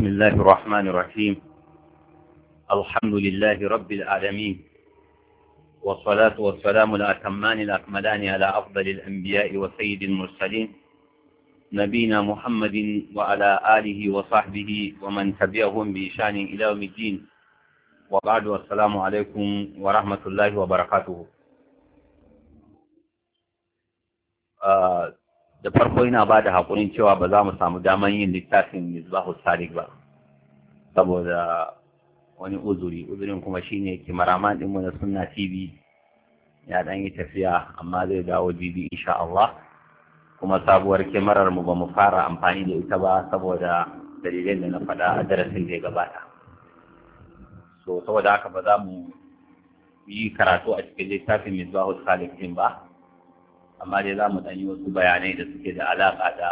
بسم الله الرحمن الرحيم الحمد لله رب العالمين والصلاة والسلام الأتمان الأكملان على أفضل الأنبياء وسيد المرسلين نبينا محمد وعلى آله وصحبه ومن تبعهم بإشان إلى يوم الدين وبعد والسلام عليكم ورحمة الله وبركاته آه da farko ina ba da haƙurin cewa ba za mu samu daman yin littafin misbahu sadiq ba saboda wani uzuri uzurin kuma shine kimaraman ɗinmu na sunna tv ya ɗan yi tafiya amma zai dawo jibi insha Allah kuma sabuwar kimarar mu ba mu fara amfani da ita ba saboda dalilin da na faɗa a darasin da ya gabata so saboda haka ba za mu yi karatu a cikin littafin misbahu sadiq din ba amma dai za mu ɗan yi wasu bayanai da suke da alaƙa da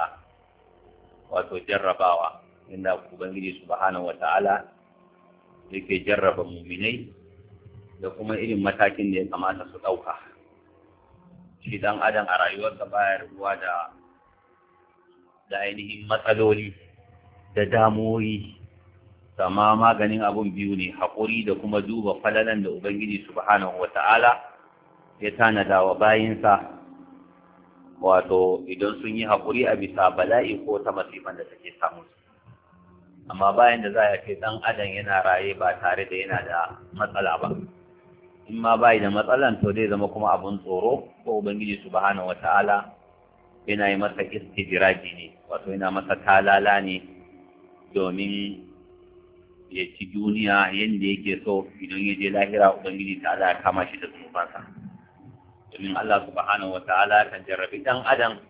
wato jarrabawa inda ubangiji subhanahu wa ta'ala yake jarraba muminai da kuma irin matakin da ya kamata su ɗauka shi dan adam a rayuwarsa baya ruwa da da ainihin matsaloli da damuwoyi sama maganin abun biyu ne haƙuri da kuma duba falalan da ubangiji subhanahu wa ta'ala ya tanada wa bayinsa wato idan sun yi hakuri a bisa bala'i ko ta masifan da take samu amma bayan da za a ce ɗan adam yana raye ba tare da yana da matsala ba in ma bayi da matsalan to zai zama kuma abun tsoro ko ubangiji subhanahu wata'ala yana yi masa istijiraji ne wato yana masa talala ne domin ya ci duniya yadda yake so idan ya je lahira ubangiji ta'ala ya kama shi da zunubansa domin Allah subhanahu wa ta'ala kan jarrabi ɗan adam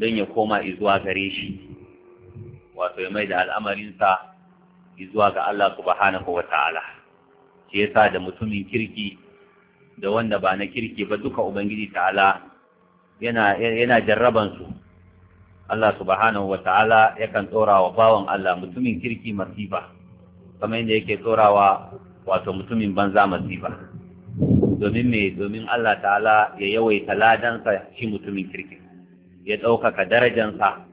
don ya koma izuwa gare shi wato ya mai da al'amarinsa izuwa ga Allah subhanahu wa ta'ala shi sa da mutumin kirki da wanda ba na kirki ba duka ubangiji ta'ala yana yana jarraban su Allah subhanahu wa ta'ala yakan tsora wa bawan Allah mutumin kirki masifa kamar yadda yake tsorawa wato mutumin banza masifa domin me domin Allah ta'ala ya yawaita ladansa shi mutumin kirki ya ɗaukaka darajansa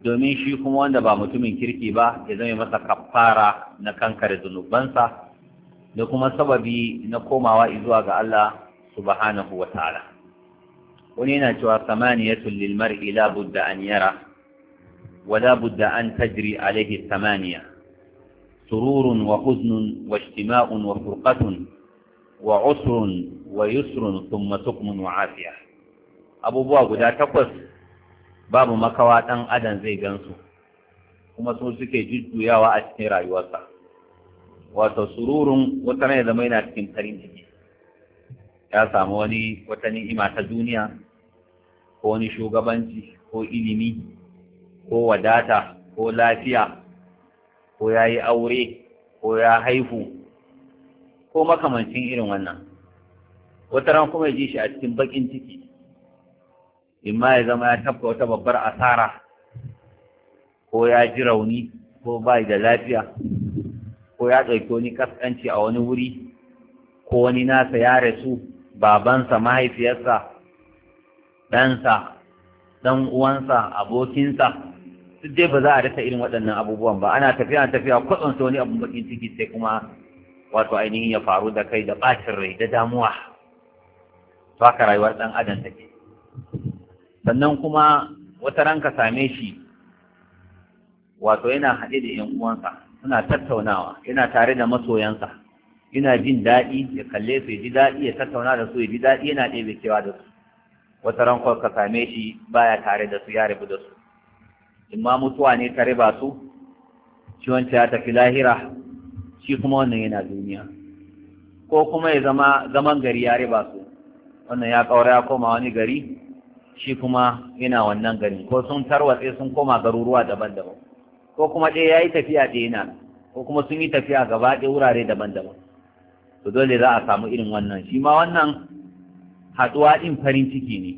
domin shi kuma wanda ba mutumin kirki ba ya zama masa kafara na kankare zunubansa da kuma sababi na komawa zuwa ga Allah subhanahu wa ta'ala wani yana cewa samaniyatun lil mar'i la budda an yara wa la budda an tajri alaihi samaniya sururun wa huznun wa wa usrun wa yusrun thumma sukmun wa afiya abubuwa guda takwas babu makawa ɗan adam zai gansu kuma su suke jujjuyawa a cikin rayuwarsa wato sururun wata ne zama yana cikin farin ciki ya samu wani wata ni'ima ta duniya ko wani shugabanci ko ilimi ko wadata ko lafiya ko ya yi aure ko ya haihu ko makamancin irin wannan wata ran kuma ya ji shi a cikin bakin ciki in ma ya zama ya tafka wata babbar asara ko ya ji rauni ko ba da lafiya ko ya ɗauki wani kaskanci a wani wuri ko wani nasa ya rasu babansa mahaifiyarsa ɗansa ɗan uwansa abokinsa duk dai ba za a rasa irin waɗannan abubuwan ba ana tafiya tafiya kwatsonsa wani abun bakin ciki sai kuma wato ainihin ya faru da kai da ɓacin rai da damuwa to haka rayuwar ɗan adam take sannan kuma wata ran ka same shi wato yana haɗe da ‘yan uwansa suna tattaunawa yana tare da masoyansa yana jin daɗi ya kalle su ya ji daɗi ya tattauna da su ya ji daɗi yana ɗebe cewa da su wata ran ka same shi baya tare da su ya rabu da su in ma mutuwa ne ta riba su ciwon ya tafi lahira shi kuma wannan yana duniya ko kuma ya zama zaman gari ya riba su wannan ya ƙaura ya koma wani gari shi kuma yana wannan gari ko sun tarwatse sun koma garuruwa daban-daban ko kuma ɗaya ya yi tafiya ɗaya yana ko kuma sun yi tafiya gaba ɗaya wurare daban-daban to dole za a samu irin wannan shi ma wannan haɗuwa ɗin farin ciki ne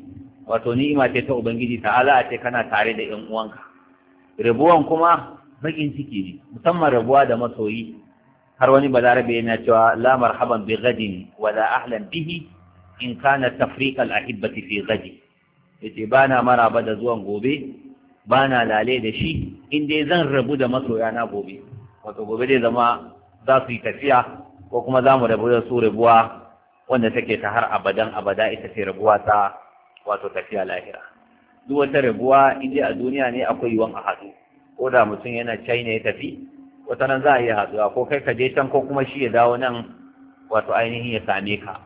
wato ni'ima ce ta ubangiji ta'ala a ce kana tare da 'yan uwanka rabuwan kuma baƙin ciki ne musamman rabuwa da masoyi har wani balarabe yana cewa la marhaban bi gadin la ahlan bihi in kana tafriq al ahibbati fi gadi yace bana maraba da zuwan gobe bana lale da shi in dai zan rabu da masoya na gobe wato gobe zai zama za su yi tafiya ko kuma za mu rabu da su rabuwa wanda take ta har abadan abada ita ce rabuwa ta wato tafiya lahira duk wata rabuwa in dai a duniya ne akwai yiwuwan a hadu ko da mutum yana china ya tafi wata nan za a iya haɗuwa ko kai ka je can ko kuma shi ya dawo nan wato ainihin ya same ka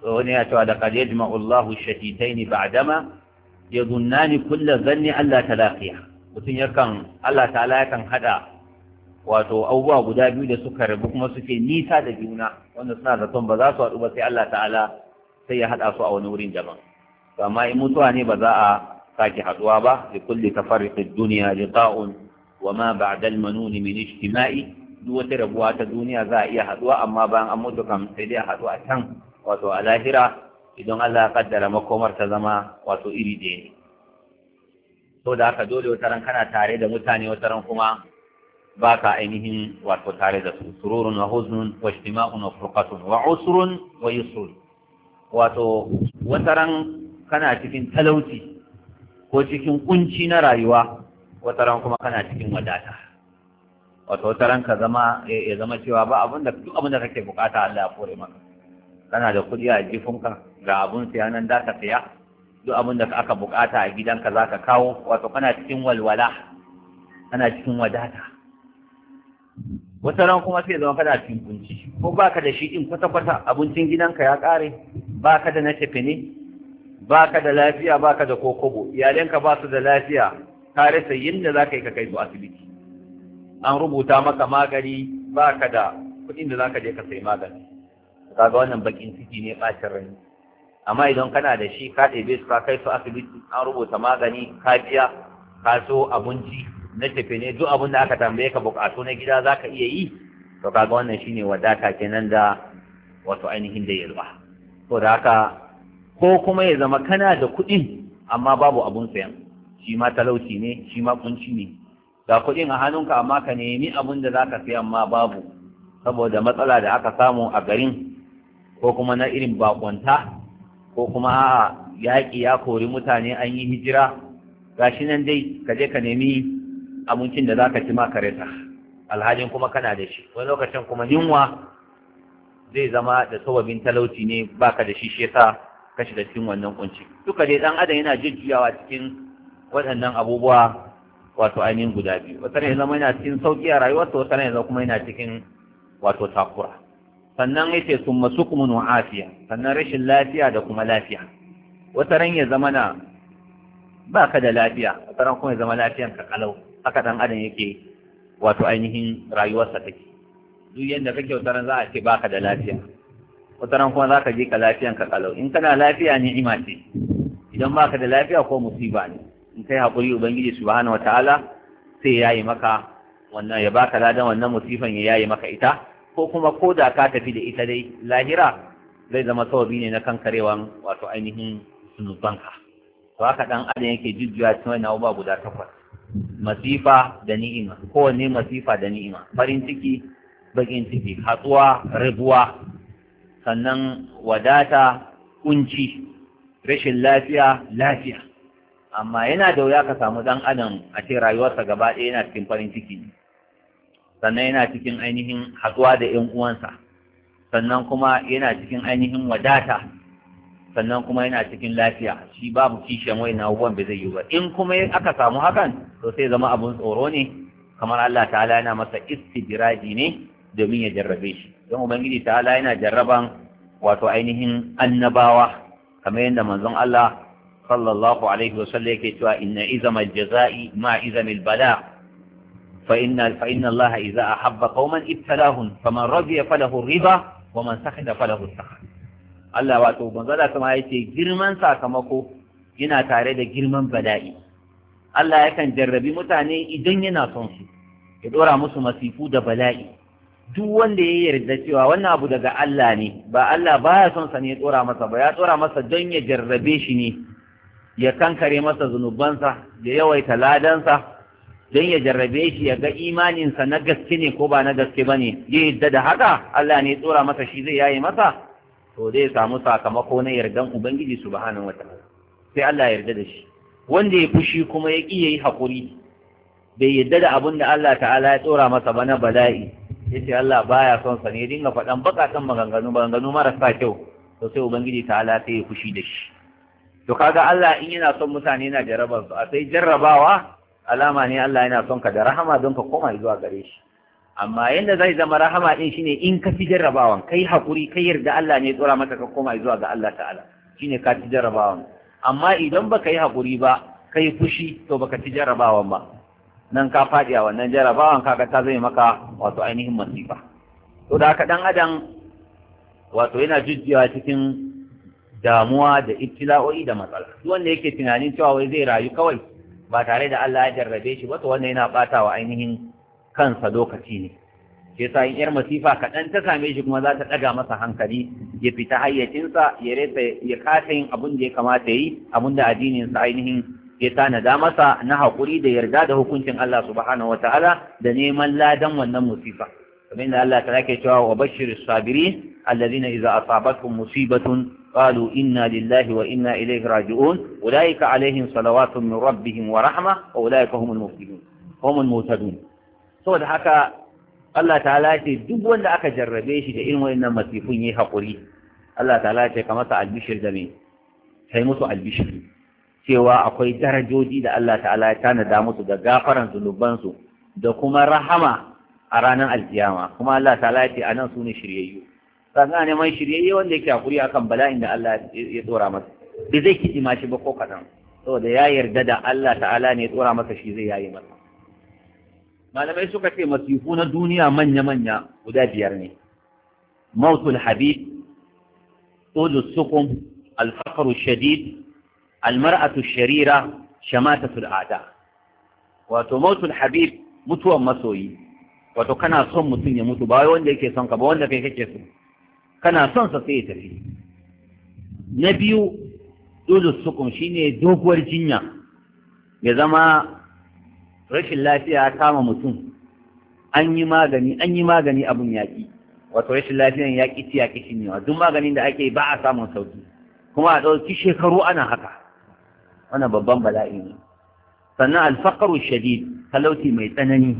to wani ya cewa da qad yajma'u Allahu shahitaini ba'dama yadunnani kullu zanni Allah talaqiya Mutun yakan Allah ta'ala yakan hada wato abubuwa guda biyu da suka rabu kuma suke nisa da juna wanda suna zaton ba za su haɗu ba sai Allah ta'ala sai ya haɗa su a wani wurin daban amma in mutuwa ne ba za a sake haɗuwa ba li kulli tafarriqid dunya liqa'un wa ma ba'da al-manun min ijtima'i duk wata rabuwa ta duniya za a iya haduwa amma bayan an mutu kam sai dai haɗu a can wato a lahira idan Allah ya kaddara makomar ta zama wato iri ɗaya ne to da haka dole wata ran kana tare da mutane wata ran kuma baka ainihin wato tare da su sururun wa huznun wa ijtima'un wa furqatun wa usrun wa yusrun wato wata ran kana cikin talauci ko cikin kunci na rayuwa ran kuma kana cikin wadata wato ran ka zama ya zama cewa ba abin da duk abin da kake bukata Allah ya kore maka kana da kuɗi a jifunka ga abun siya nan da ka siya duk abin da aka bukata a gidanka za ka kawo wato kana cikin walwala kana cikin wadata wata ran kuma sai zama kana cikin kunci ko baka da shi din kwata-kwata abincin gidanka ya kare baka da na tafi ne baka da lafiya baka da kokobo iyalinka ba su da lafiya ka rasa yadda za ka yi kai su asibiti an rubuta maka magani ba ka da kuɗin da za ka je ka sai magani kaga wannan bakin ciki ne ɓacin rai amma idan kana da shi ka ɗebe su ka kai su asibiti an rubuta magani ka biya ka so abinci na tafe ne duk abin da aka tambaye ka bukatu na gida zaka iya yi to kaga wannan shine wadata kenan da wato ainihin da yalwa to da haka ko kuma ya zama kana da kuɗi amma babu abun sayan shi ma talauci ne shi ma kunci ne ga kuɗin a hannunka amma ka nemi abin da za ka sai amma babu saboda matsala da aka samu a garin ko kuma na irin bakonta ko kuma yaƙi ya kori mutane an yi hijira Ga shi nan dai ka je ka nemi abincin da za ka ci ma reta alhajin kuma kana da shi wani lokacin kuma yunwa zai zama da sababin talauci ne baka da shi shi yasa ka shiga cikin wannan kunci duka dai dan adam yana jujjuyawa cikin waɗannan abubuwa wato ainihin guda biyu wata ne zama yana cikin sauƙi a rayuwarsa wata ne zama kuma yana cikin wato takura sannan yace sun masu kuma afiya sannan rashin lafiya da kuma lafiya wata ran ya zama na ba ka da lafiya wata ran kuma ya zama lafiyan ka kalau haka dan adam yake wato ainihin rayuwarsa take duk yadda kake wata ran za a ce ba ka da lafiya wata ran kuma za ka je ka lafiyan ka kalau in kana lafiya ni'ima ce idan ba ka da lafiya ko musiba ne in kai hakuri ubangiji subhanahu wataala sai ya yi maka wannan ya baka ladan wannan musifan ya yayi maka ita ko kuma ko da ka tafi da ita dai lahira zai zama sababi ne na kankarewan wato ainihin sunubanka to haka dan adam yake jujjuya cikin wannan abubuwa guda takwas masifa da ni'ima kowanne masifa da ni'ima farin ciki bakin ciki hatsuwa rabuwa sannan wadata kunci rashin lafiya lafiya amma yana da wuya ka samu dan adam a ce rayuwarsa gaba ɗaya yana cikin farin ciki sannan yana cikin ainihin haɗuwa da ƴan uwansa sannan kuma yana cikin ainihin wadata sannan kuma yana cikin lafiya shi babu kishiyan wai na abubuwan bai zai yi ba in kuma aka samu hakan to sai zama abun tsoro ne kamar Allah ta'ala yana masa istidraji ne domin ya jarrabe shi don ubangiji ta'ala yana jarraban wato ainihin annabawa kamar yadda manzon Allah sallallahu alaihi wasallam yake cewa inna izama jaza'i ma izama bala fa inna fa inna Allah idza ahabba qauman ibtalahum faman radiya falahu riba wa man sakhida falahu sakhat Allah wato manzala kuma yace girman sakamako yana tare da girman bala'i Allah yakan jarrabi mutane idan yana son su ya dora musu masifu da bala'i duk wanda ya yarda cewa wannan abu daga Allah ne ba Allah baya son sa ne ya dora masa ba ya dora masa don ya jarrabe shi ne ya kankare masa zunubansa da yawaita ladansa don ya jarrabe shi ya ga imaninsa na gaske ne ko ba na gaske ba ne ya yadda da haka Allah ne tsora masa shi zai yaye masa to zai samu sakamako na yardan ubangiji subhanahu wataala sai Allah ya yarda da shi wanda ya fushi kuma ya ƙi yayi hakuri bai yadda da abin da Allah ta'ala ya tsora masa ba na bala'i yace Allah baya son sa ne dinga faɗan baƙaƙen maganganu maganganu marasa kyau to sai ubangiji ta'ala sai ya fushi da shi to kaga Allah in yana son mutane na jarabar. su a sai jarrabawa alama ne Allah yana son ka da rahama don ka koma zuwa gare shi amma yanda zai zama rahama din shine in ka fi jarrabawan kai hakuri kai yarda Allah ne ya tsora maka ka koma zuwa ga Allah ta'ala shine ka ci jarrabawan amma idan baka yi hakuri ba kai fushi to baka ci jarrabawan ba nan ka fadi a wannan jarrabawan kaga ta zai maka wato ainihin masifa to da haka dan adam wato yana jujjuwa cikin damuwa da ibtila'o'i da matsala duk wanda yake tunanin cewa wai zai rayu kawai ba tare da Allah ya jarrabe shi ba to wannan yana bata wa ainihin kansa lokaci ne ke sa in yar masifa kaɗan ta same shi kuma za ta ɗaga masa hankali ya fita hayyacinsa ya resa ya kasa yin abin da ya kamata ya yi abin da addininsa ainihin ya tanada masa na haƙuri da yarda da hukuncin Allah subhanahu wata'ala da neman ladan wannan musifa kamar da Allah ta ke cewa wa bashir sabiri allazina idza asabatkum musibatun قالوا إنا لله وإنا إليه راجعون أولئك عليهم صلوات من ربهم ورحمة وأولئك هم المفلحون هم المهتدون سوى حكى الله تعالى duk wanda aka jarrabe shi da irin wayannan ya yi hakuri Allah ta'ala ce ka masa albishir da me sai musu albishir cewa akwai darajoji da Allah ta'ala ya tanada musu da gafaran zunubansu da kuma rahama a ranar alkiyama kuma Allah ta'ala ya ce shiryayyu sana neman shiryayye wanda yake hakuri akan bala'in da Allah ya tsora masa bai zai kiɗi ma shi ba ko kaɗan saboda ya yarda da Allah ta'ala ne ya tsora masa shi zai yayi masa malamai suka ce masifu na duniya manya-manya guda biyar ne mautul habib tsolus sukum alfakaru shadid almar'atu sharira shamatatul ada wato mautul habib mutuwan masoyi wato kana son mutum ya mutu ba wanda yake son ka ba wanda kai kake so kana son sa sai ya tafi na biyu dole sukun shine doguwar jinya ya zama rashin lafiya ya kama mutum an yi magani an yi magani abun yaƙi wato rashin lafiyan yaƙi ci yaƙi shi wa duk maganin da ake ba a samun sauki kuma a ɗauki shekaru ana haka wannan babban bala'i ne sannan alfaqaru shadid talauci mai tsanani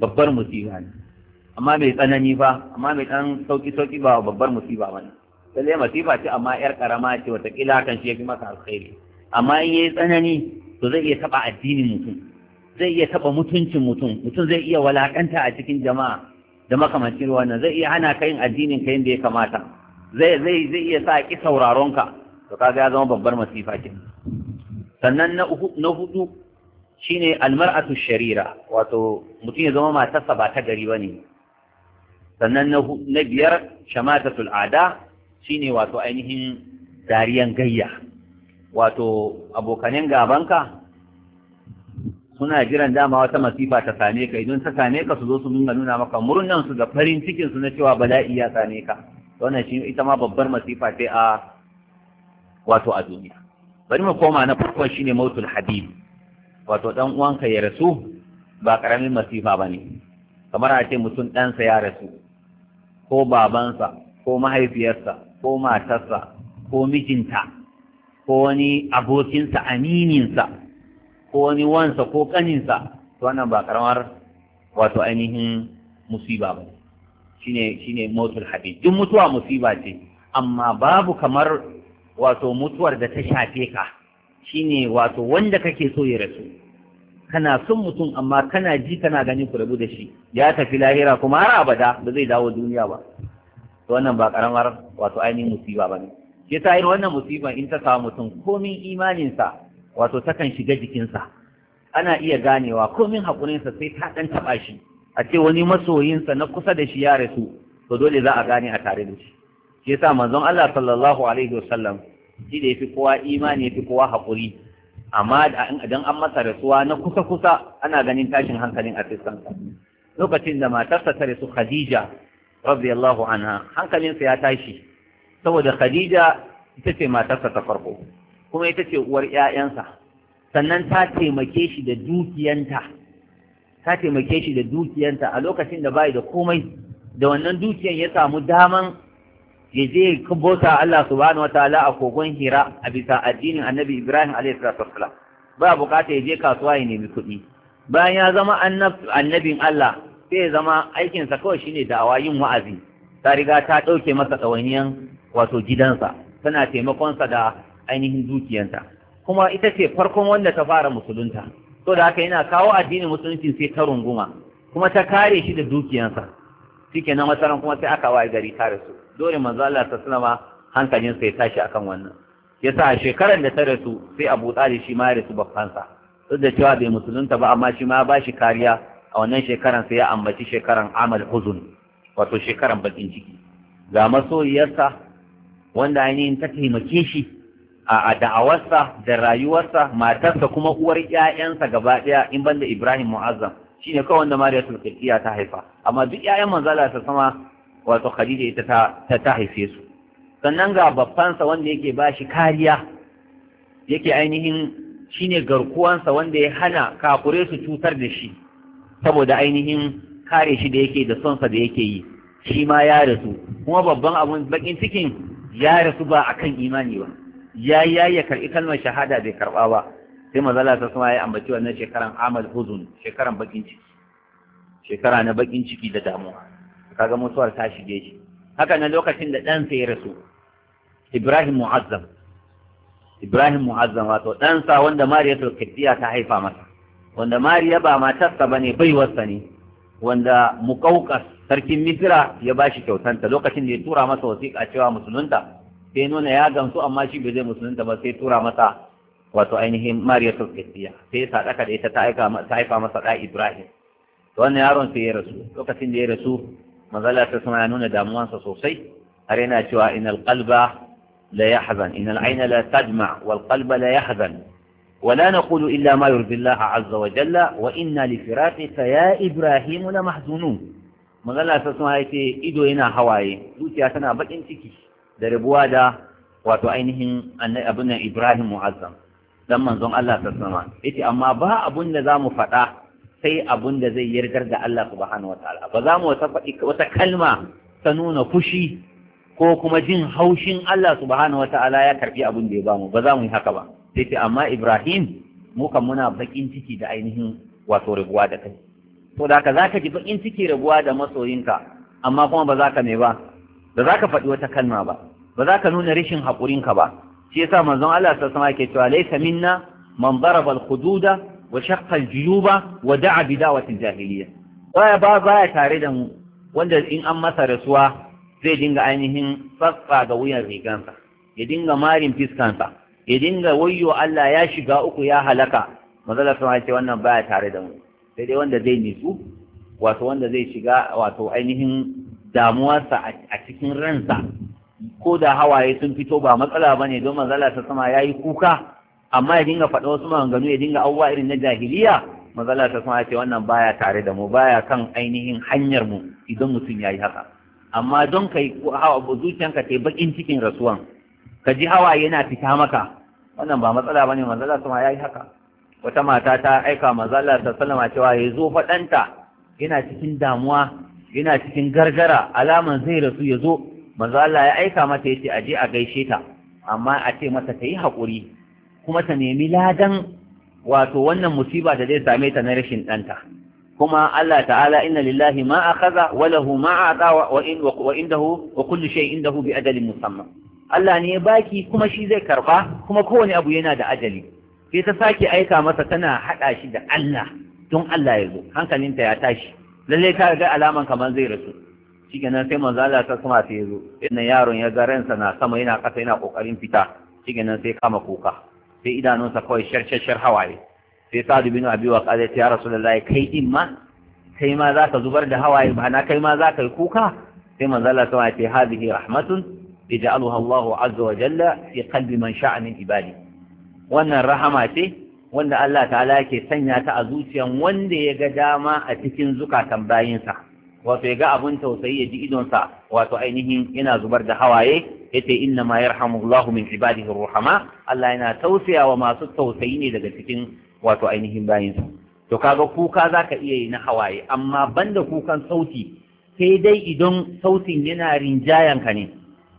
babbar musiba ne amma mai tsanani ba, amma mai dan sauki sauki ba babbar musiba bane sai masifa ce amma yar karama ce wata kila kan shi yafi masa alkhairi amma in yayi tsanani to zai iya taba addinin mutum zai iya taba mutuncin mutum mutum zai iya walakanta a cikin jama'a da makamancin wannan zai iya hana ka yin addinin ka da ya kamata zai zai zai iya sa ki sauraronka, ka to kaga ya zama babbar masifa ke sannan na uku na hudu shine almar'atu sharira wato mutum ya zama matarsa ba ta gari bane sannan na biyar shamatatul ada shine wato ainihin dariyan gayya wato abokanin gabanka suna jiran dama wata masifa ta same ka idan ta same ka su zo su nuna nuna maka murnan su da farin cikin su na cewa bala'i ya same ka wannan shi ita ma babbar masifa ce a wato a duniya bari mu koma na farko shine mautul habib wato dan uwanka ya rasu ba karamin masifa bane kamar a ce mutum ɗansa ya rasu ko babansa ko mahaifiyarsa ko matarsa ko mijinta ko wani abokinsa amininsa ko wani wansa ko kaninsa to wannan ba karamar wato ainihin musiba ba shine shine motul habib duk mutuwa musiba ce amma babu kamar wato mutuwar da ta shafe ka shine wato wanda kake so ya rasu kana son mutum amma kana ji kana gani ku rabu da shi ya tafi lahira kuma har abada ba zai dawo duniya ba to wannan ba karamar wato ainihin musiba ba ne shi ta irin wannan musiban in ta samu mutum komin imaninsa wato takan shiga jikinsa ana iya ganewa komin haƙurinsa sai ta ɗan taɓa shi a ce wani masoyinsa na kusa da shi ya rasu to dole za a gane a tare da shi shi sa manzon Allah sallallahu alaihi wasallam shi da fi kowa imani fi kowa haƙuri amma idan an masa rasuwa na kusa-kusa ana ganin tashin hankalin a fiskansa lokacin da matarsa ta rasu khadija radiyallahu anha hankalinsa ya tashi saboda khadija ita ce matarsa ta farko kuma ita ce uwar 'ya'yansa sannan ta taimake shi da dukiyanta ta taimake shi da dukiyanta a lokacin da bai da komai da wannan dukiyan ya samu daman ya je Allah su Allah subhanahu ta'ala a kogon Hira a bisa addinin Annabi Ibrahim salatu wassalam ba bukata ya je kasuwa ya nemi kuɗi bayan ya zama annabin Allah sai ya zama aikinsa kawai shine da'awa yin wa'azi ta riga ta ɗauke masa ɗawainiyan wato gidansa tana taimakon sa da ainihin dukiyanta kuma ita ce farkon wanda ta fara musulunta to da haka yana kawo addinin musulunci sai ta runguma kuma ta kare shi da dukiyansa shikenan masaran kuma sai aka waye gari ta su. dole manzo Allah ta sallama hankalin sai tashi akan wannan yasa a shekarar da ta rasu sai Abu Talib shi ma ya rasu sa duk da cewa bai musulunta ba amma shi ma ba shi kariya a wannan shekaran sai ya ambaci shekaran amal huzun wato shekaran bakin ciki ga masoyiyarsa wanda ainihin ta taimake shi a da'awarsa da rayuwarsa matarsa kuma uwar 'ya'yansa gaba ɗaya in banda Ibrahim Mu'azzam shine kawai wanda Mariyatul Qibtiyya ta haifa amma duk 'ya'yan manzala ta sama wato khadija ita ta ta haife su sannan ga babbansa wanda yake ba shi kariya yake ainihin shine garkuwansa wanda ya hana kafure su cutar da shi saboda ainihin kare shi da yake da sonsa da yake yi shi ma ya rasu kuma babban abun bakin cikin ya rasu ba akan imani ba ya ya ya karɓi kalmar shahada bai karɓa ba sai mazala ta sama ya ambaci wannan shekaran amal huzun shekaran bakin ciki shekara na bakin ciki da damuwa kaga mutuwar ta shige shi haka nan lokacin da ɗansa ya rasu ibrahim mu'azzam ibrahim mu'azzam wato ɗansa wanda Mariya ta kiddiya ta haifa masa wanda mariya ba matarsa bane baiwarsa ne wanda muƙauƙas sarkin misira ya ba shi kyautanta lokacin da ya tura masa wasiƙa cewa musulunta sai nuna ya gamsu amma shi bai zai musulunta ba sai tura masa wato ainihin mariya kiddiya sai ya saɗaka da ita ta haifa masa ɗa ibrahim wannan yaron sai ya rasu lokacin da ya rasu mazala ta sama ya nuna damuwansa sosai har yana cewa inal qalba la yahzan inal aina la tadma wal qalba la yahzan ولا نقول إلا ما Wa الله عز وجل وإنا ya Ibrahim إبراهيم لمحزونون magana ta sun haife ido yana hawaye zuciya tana bakin ciki da rabuwa da wato ainihin abin nan Ibrahim Mu'azzam dan manzon Allah ta sama yace amma ba abun da zamu faɗa sai abin da zai yargar da Allah subhanahu wataala ba za mu wata wata kalma ta nuna fushi ko kuma jin haushin Allah subhanahu wataala ya karfi abun da ya bamu ba za mu yi haka ba sai ce amma Ibrahim mu kan muna bakin ciki da ainihin wato rabuwa da kai to da haka zaka ji bakin ciki rabuwa da masoyinka amma kuma ba za ka mai ba ba za ka faɗi wata kalma ba ba za ka nuna rashin haƙurinka ba shi yasa manzon Allah sallallahu alaihi wasallam yake cewa laysa minna man daraba al-hududa wa shaqqal juyuba wa da'a bi da'watil jahiliyya baya ba baya tare da mu wanda in an masa rasuwa zai dinga ainihin tsatsa ga wuyan rigansa ya dinga marin fiskansa ya dinga wayyo Allah ya shiga uku ya halaka mazala sun ce wannan baya tare da mu sai wanda zai nitsu wato wanda zai shiga wato ainihin damuwarsa a cikin ransa ko da hawaye sun fito ba matsala bane don mazala ta sama yayi kuka amma ya dinga faɗa wasu maganganu ya dinga abubuwa irin na jahiliya mazala ta kuma ce wannan baya tare da mu baya kan ainihin hanyar mu idan mutum ya yi haka amma don kai hawa zuciyanka ta yi bakin cikin rasuwan ka ji hawa yana fita maka wannan ba matsala ba ne, manzala kuma ya yi haka wata mata ta aika mazala ta sallama cewa ya zo faɗanta yana cikin damuwa yana cikin gargara alaman zai rasu ya zo Mazala ya aika mata ya ce a je a gaishe ta amma a ce mata ta yi haƙuri kuma ta nemi ladan wato wannan musiba da zai same ta na rashin ɗanta kuma Allah ta'ala inna lillahi ma akhadha wa lahu ma ata wa in wa indahu wa kullu shay indahu bi ajalin musamman. Allah ne ya baki kuma shi zai karba kuma kowane abu yana da ajali sai ta sake aika masa tana hada shi da Allah don Allah ya zo hankalinta ya tashi lalle ta ga alaman kamar zai rasu shikenan sai manzo Allah ta kuma sai ya zo yaron ya ga ransa na sama yana kasa yana kokarin fita shikenan sai kama kuka sai idanunsa kawai sharshashar hawaye sai sa'adu bin abi wa qala ya rasulullahi kai din ma kai ma zaka zubar da hawaye ba na kai ma ka yi kuka sai manzo Allah ce hadhihi rahmatun yaj'aluha Allahu azza wa jalla fi qalbi man sha'a min ibadi wannan rahama ce wanda Allah ta'ala yake sanya ta a zuciyan wanda ya ga dama a cikin zukatan bayinsa wato ya ga abun tausayi ya ji idonsa wato ainihin yana zubar da hawaye ya ce inna ma yarhamullahu min ibadihi ruhama Allah yana tausaya wa masu tausayi ne daga cikin wato ainihin bayinsa to kaga kuka zaka iya yi na hawaye amma banda kukan sauti sai dai idan sautin yana rinjayan ka ne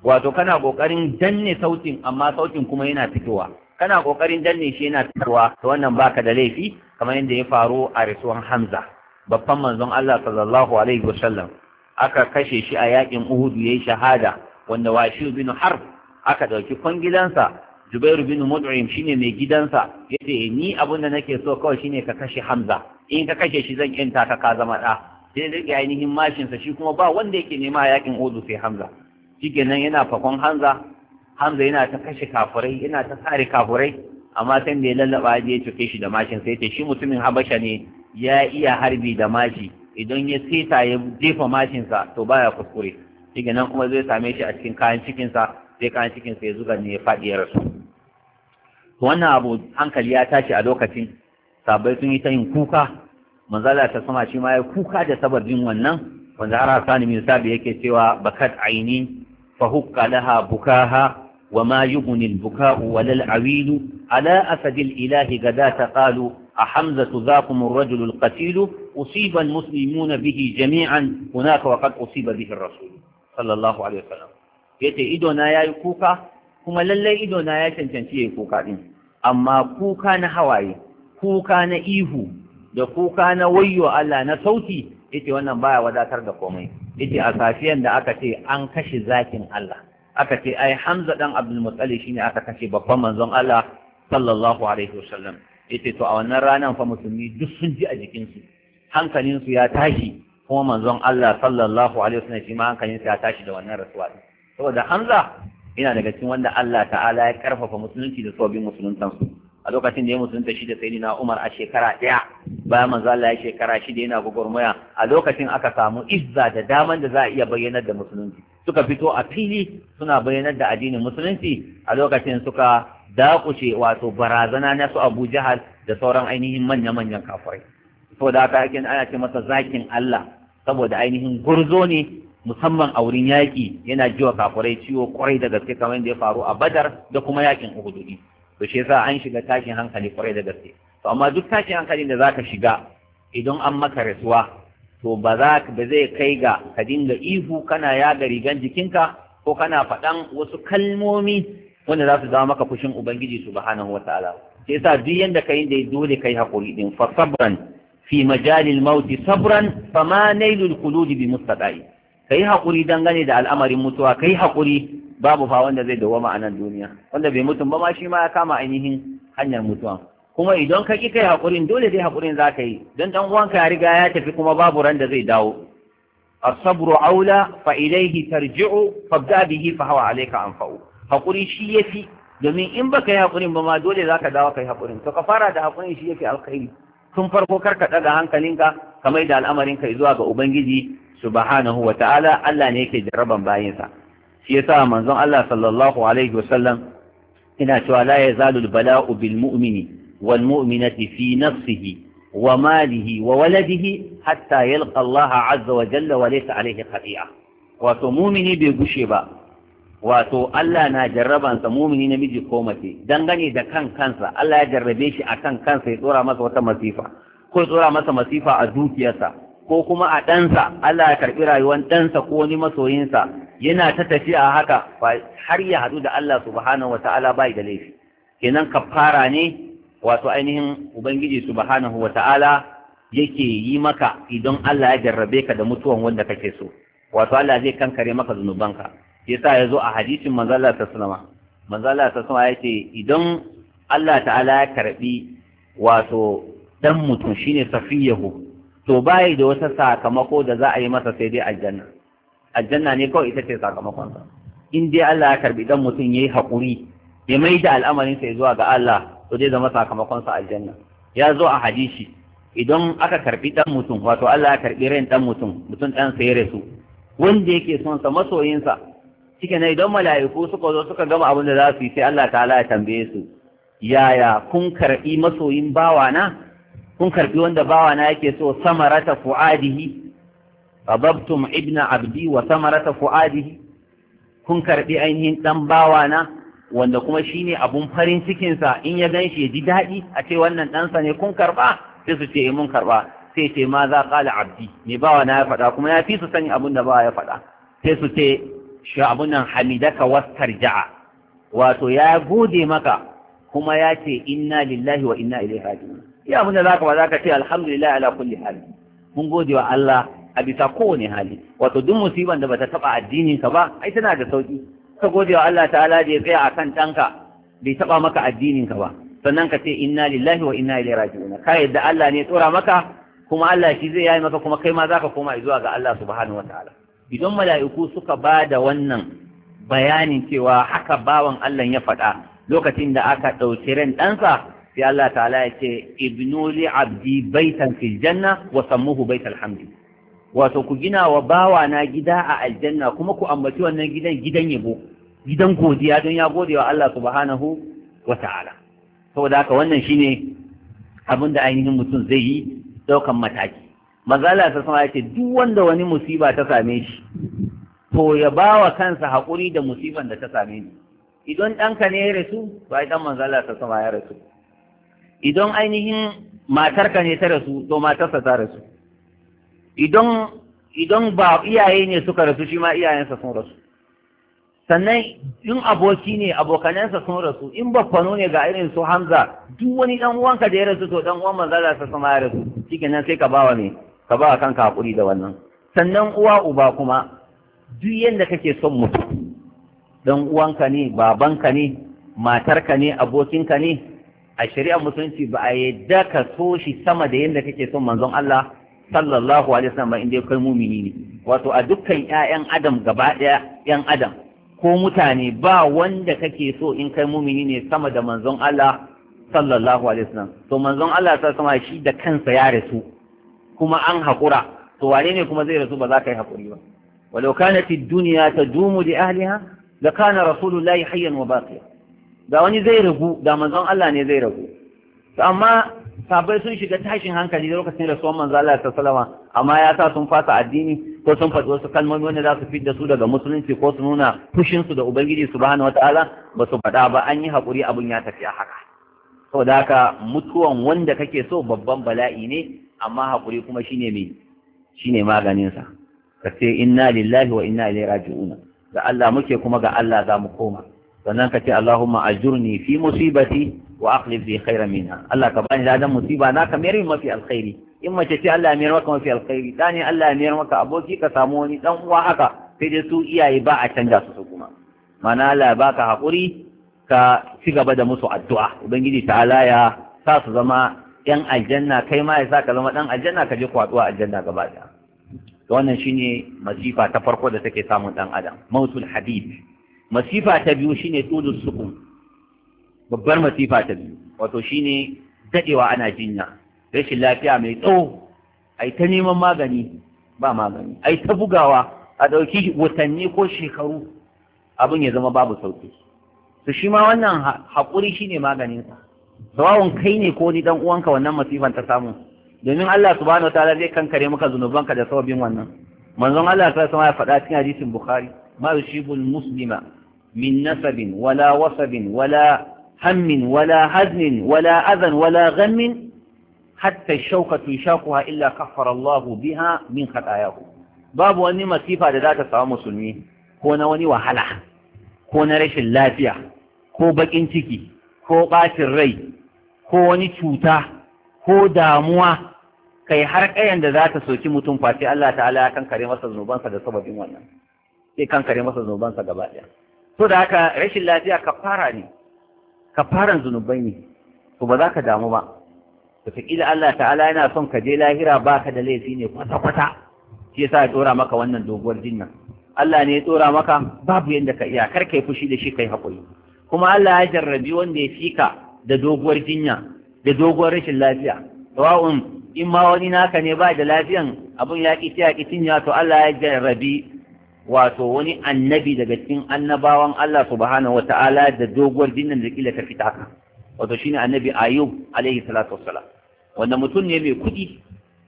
wato kana kokarin danne sautin amma sautin kuma yana fitowa kana kokarin danne shi yana fitowa to wannan baka da laifi kamar yadda ya faru a rasuwan Hamza babban manzon Allah sallallahu alaihi wasallam aka kashe shi a yakin Uhud yayi shahada wanda washi bin harb aka dauki kwangilansa Jubairu bin Mud'im shine mai gidansa yace ni abin da nake so kawai shine ka kashe Hamza in ka kashe shi zan kinta ka ka zama da sai da ainihin mashinsa shi kuma ba wanda yake nema yakin Uhud sai Hamza shikenan yana fakon Hamza Hamza yana ta kashe kafurai yana ta kare kafurai amma sai da ya lallaba ya je ya shi da mashin sai ce shi mutumin Habasha ne ya iya harbi da mashi idan ya seta ya jefa mashinsa to ba ya kuskure shiga nan kuma zai same shi a cikin kayan cikinsa sai kayan cikinsa ya zuga ne ya faɗi ya rasu wannan abu hankali ya tashi a lokacin sabai sun yi ta yin kuka manzala ta sama shi ma ya kuka da sababin wannan wanda har hasani min sabi yake cewa bakat aini fa laha bukaha wa ma yughni al buka'u wal awilu ala asadil ilahi ilahi gadata qalu أحمزة ذاكم الرجل القتيل أصيب المسلمون به جميعا هناك وقد أصيب به الرسول صلى الله عليه وسلم yace ido na yayi kuka kuma lallai idona ya cancanci yayi kuka din amma kuka na hawaye kuka na ihu da kuka na wayyo Allah na sauti ita wannan baya wadatar da komai Ita a safiyan da aka ce an kashe zakin Allah aka ce ai Hamza dan Abdul Muttalib shine aka kashe babban manzon Allah sallallahu alaihi wasallam yace to a wannan ranar fa musulmi duk sun ji a jikinsu hankalinsu ya tashi kuma manzon Allah sallallahu alaihi wasallam shi ma hankalinsa ya tashi da wannan rasuwa saboda Hamza ina daga cikin wanda Allah ta'ala ya karfafa musulunci da sabbin musuluntansu a lokacin da ya musulunta shi da sayyidina Umar a shekara ɗaya bayan manzo Allah ya shekara shida yana gwagwarmaya a lokacin aka samu izza da daman da za a iya bayyanar da musulunci suka fito a fili suna bayyanar da addinin musulunci a lokacin suka daƙushe wato barazana na su abu jahal da sauran ainihin manya-manyan kafirai saboda haka hakin ana ce masa zakin Allah saboda ainihin gurzo ne musamman a wurin yaƙi yana jiwa kafirai ciwo kwarai da gaske kamar da ya faru a badar da kuma yaƙin uhududi to shi yasa an shiga tashin hankali kwarai da gaske to amma duk tashin hankalin da zaka shiga idan an maka rasuwa to ba za ba zai kai ga ka dinga ihu kana yaga rigan jikinka ko kana faɗan wasu kalmomi wanda za su zama maka fushin ubangiji subhanahu wataala sai yasa duk yanda kai da dole yi hakuri din fa sabran fi majalil mauti sabran fama nailul khulud bi mustaqai kai hakuri dangane da al'amarin mutuwa kai hakuri babu fa wanda zai dawama a nan duniya wanda bai mutum ba ma shi ma ya kama ainihin hanyar mutuwa kuma idan ka ƙi kai haƙurin dole dai haƙurin za ka yi don ɗan uwanka ya riga ya tafi kuma babu ran da zai dawo Asabro aula fa ilaihi tarji'u fabda bihi fa hawa haƙuri shi ya fi domin in baka yi haƙurin ba ma dole za ka dawo kai haƙurin to ka fara da haƙurin shi ya fi alkhairi tun farko kar ka ɗaga hankalinka ka mai da al'amarinka zuwa ga ubangiji subhanahu wa ta'ala Allah ne yake jarraban bayinsa shi yasa manzon Allah sallallahu alaihi sallam ina cewa la yazalu bala'u bil mu'mini wal mu'minati fi nafsihi wa malihi wa waladihi hatta yalqa Allah azza wa jalla wa laysa alaihi khati'a wato mu'mini bai gushe ba wato Allah na jarrabansa mumini namiji ko mace dangane da kan kansa Allah ya jarrabe shi akan kansa ya tsora masa wata masifa ko ya tsora masa masifa a dukiyarsa ko kuma a ɗansa Allah ya karɓi rayuwar ɗansa ko wani masoyinsa yana ta tafiya haka har ya haɗu da Allah subhanahu wa ta'ala bai da laifi kenan kafara ne wato ainihin ubangiji subhanahu wa ta'ala yake yi maka idan Allah ya jarrabe ka da mutuwan wanda kake so wato Allah zai kankare maka zunubanka yasa ya zo a hadisin manzala ta sunama manzala ta sunama ya ce idan Allah ta'ala ya karɓi wato ɗan mutum shine safiyahu to bai da wata sakamako da za a yi masa sai dai aljanna aljanna ne kawai ita ce sakamakonsa in dai Allah ya karɓi ɗan mutum yayi haƙuri ya mai da al'amarin sai zuwa ga Allah to zai zama sakamakonsa aljanna ya zo a hadisi idan aka karɓi ɗan mutum wato Allah ya karɓi ran ɗan mutum mutum dan sai ya rasu wanda yake son sa masoyinsa shike ne idan mala'iku suka zo suka gama abin da za su yi sai Allah ta'ala ya tambaye su yaya kun karbi masoyin bawana kun karbi wanda bawana yake so samarata fu'adihi rababtum ibna abdi wa samarata fu'adihi kun karbi ainihin dan bawana wanda kuma shine abun farin cikin sa in ya ganshi ya ji dadi a ce wannan ɗansa ne kun karba sai su ce eh, mun karba sai ce ma za qala abdi me bawana ya faɗa kuma ya fi su sani abin da bawa ya faɗa sai su ce shi abunan hamidaka wastarja'a wato ya gode maka kuma ya ce inna lillahi wa inna ilaihi raji'un ya abunda zaka ba zaka ce alhamdulillah ala kulli hal mun gode wa Allah a bisa kowane hali wato duk musiban da bata taba addinin ka ba ai tana da sauki ka gode wa Allah ta'ala da ya tsaya akan danka bai taba maka addinin ka ba sannan ka ce inna lillahi wa inna ilaihi raji'un ka yadda Allah ne tsora maka kuma Allah shi zai yayi maka kuma kai ma zaka koma zuwa ga Allah subhanahu ta'ala. idan mala'iku suka ba da wannan bayanin cewa haka bawan Allah ya faɗa lokacin da aka ɗauki ran ɗansa sai Allah ta'ala ya ce ibnu li abdi baitan fil janna wa sammuhu baital hamdi wato ku gina wa bawa na gida a aljanna kuma ku ambaci wannan gidan gidan yabo gidan godiya don ya gode wa Allah subhanahu wa ta'ala saboda haka wannan shine abin da ainihin mutum zai yi ɗaukan mataki mazala ta sama yake duk wanda wani musiba ta same shi to ya ba wa kansa haƙuri da musiban da ta same ni idan ɗanka ne ya rasu ba ɗan manzala ta sama ya rasu idan ainihin matarka ne ta rasu to matarsa ta rasu idan idan ba iyaye ne suka rasu shi ma iyayensa sun rasu sannan in aboki ne abokanansa sun rasu in baffano ne ga irin su hamza duk wani dan uwanka da ya rasu to dan uwan manzala ta sama ya rasu shikenan sai ka bawa ne ka ba kanka hakuri da wannan sannan uwa uba kuma duk yadda kake son mutum dan uwanka ne babanka ne matarka ne abokinka ne a shari'ar musulunci ba a yadda ka so shi sama da yadda kake son manzon Allah sallallahu alaihi wasallam inda kai mumini ne wato a dukkan ƴaƴan adam gaba ɗaya ƴan adam ko mutane ba wanda kake so in kai mumini ne sama da manzon Allah sallallahu alaihi wasallam to manzon Allah sallallahu alaihi wasallam shi da kansa ya rasu kuma an hakura. to wane ne kuma zai rasu ba za ka yi hakuri ba walau kana fi duniya ta dumu da ahliha da kana rasulullahi hayyan wa baqiya da wani zai ragu da manzon Allah ne zai ragu to amma sabai sun shiga tashin hankali lokacin da suwan manzon Allah ta salama amma ya sa sun fasa addini ko sun faɗi wasu kalmomi wanda za su fidda su daga musulunci ko su nuna fushinsu da ubangiji subhanahu wataala ba su faɗa ba an yi hakuri abun ya tafi a haka saboda haka mutuwan wanda kake so babban bala'i ne amma hakuri kuma shine maganinsa. shine maganin sa ka ce inna lillahi wa inna ilaihi raji'un ga Allah muke kuma ga Allah za mu koma sannan ka ce Allahumma ajurni fi musibati wa akhlif li khairan minha Allah ka bani ladan musiba na ka mayar mafi alkhairi in mace ce Allah ya mayar maka mafi alkhairi da ne Allah ya mayar maka aboki ka samu wani dan uwa haka sai dai su iyaye ba a canja su kuma mana Allah baka hakuri ka ci gaba da musu addu'a ubangiji ta'ala ya sa su zama yan aljanna kai ma ya sa ka zama ɗan aljanna ka je kwaɗuwa aljanna gaba ɗaya to wannan shine masifa ta farko da take samun ɗan adam mautul habib masifa ta biyu shine tudu sukun babbar masifa ta biyu wato shine dadewa ana jinya rashin lafiya mai tsawo ai ta neman magani ba magani ai ta bugawa a ɗauki watanni ko shekaru abin ya zama babu sauki to shi ma wannan haƙuri shine maganinsa sawawun kai ne ko ni dan uwanka wannan masifan ta samu domin Allah subhanahu wataala zai kankare maka zunubanka da sababin wannan manzon Allah sallallahu alaihi wasallam ya faɗa cikin hadisin Bukhari ma yushibul muslima min nasabin wala wasabin wala hammin wala haznin wala adhan wala ghammin hatta shawkatu yashaquha illa kaffara Allah biha min khatayahu babu wani masifa da za ta samu musulmi ko na wani wahala ko na rashin lafiya ko bakin ciki ko ɓacin rai ko wani cuta ko damuwa kai har ƙayan da za ta soki mutum face Allah ta'ala ya kankare masa zunubansa da sababin wannan sai kankare masa zunubansa gaba ɗaya so da haka rashin lafiya kafara ne kafaran zunubai ne to ba za ka damu ba wataƙila Allah ta'ala yana son ka je lahira ba ka da laifi ne kwata-kwata shi yasa ya dora maka wannan doguwar jinnan Allah ne ya dora maka babu yadda ka iya kar ka yi fushi da shi ka yi haƙuri kuma Allah ya jarrabi wanda ya fika da doguwar jinya da doguwar rashin lafiya wa'un in ma wani naka ne ba da lafiyan abun ya ƙi ya ƙi cinya to Allah ya jarrabi wato wani annabi daga cikin annabawan Allah subhanahu ta'ala da doguwar jinnan da kila ta fita ka wato shine annabi Ayub alaihi salatu wassalam wanda mutum ne mai kuɗi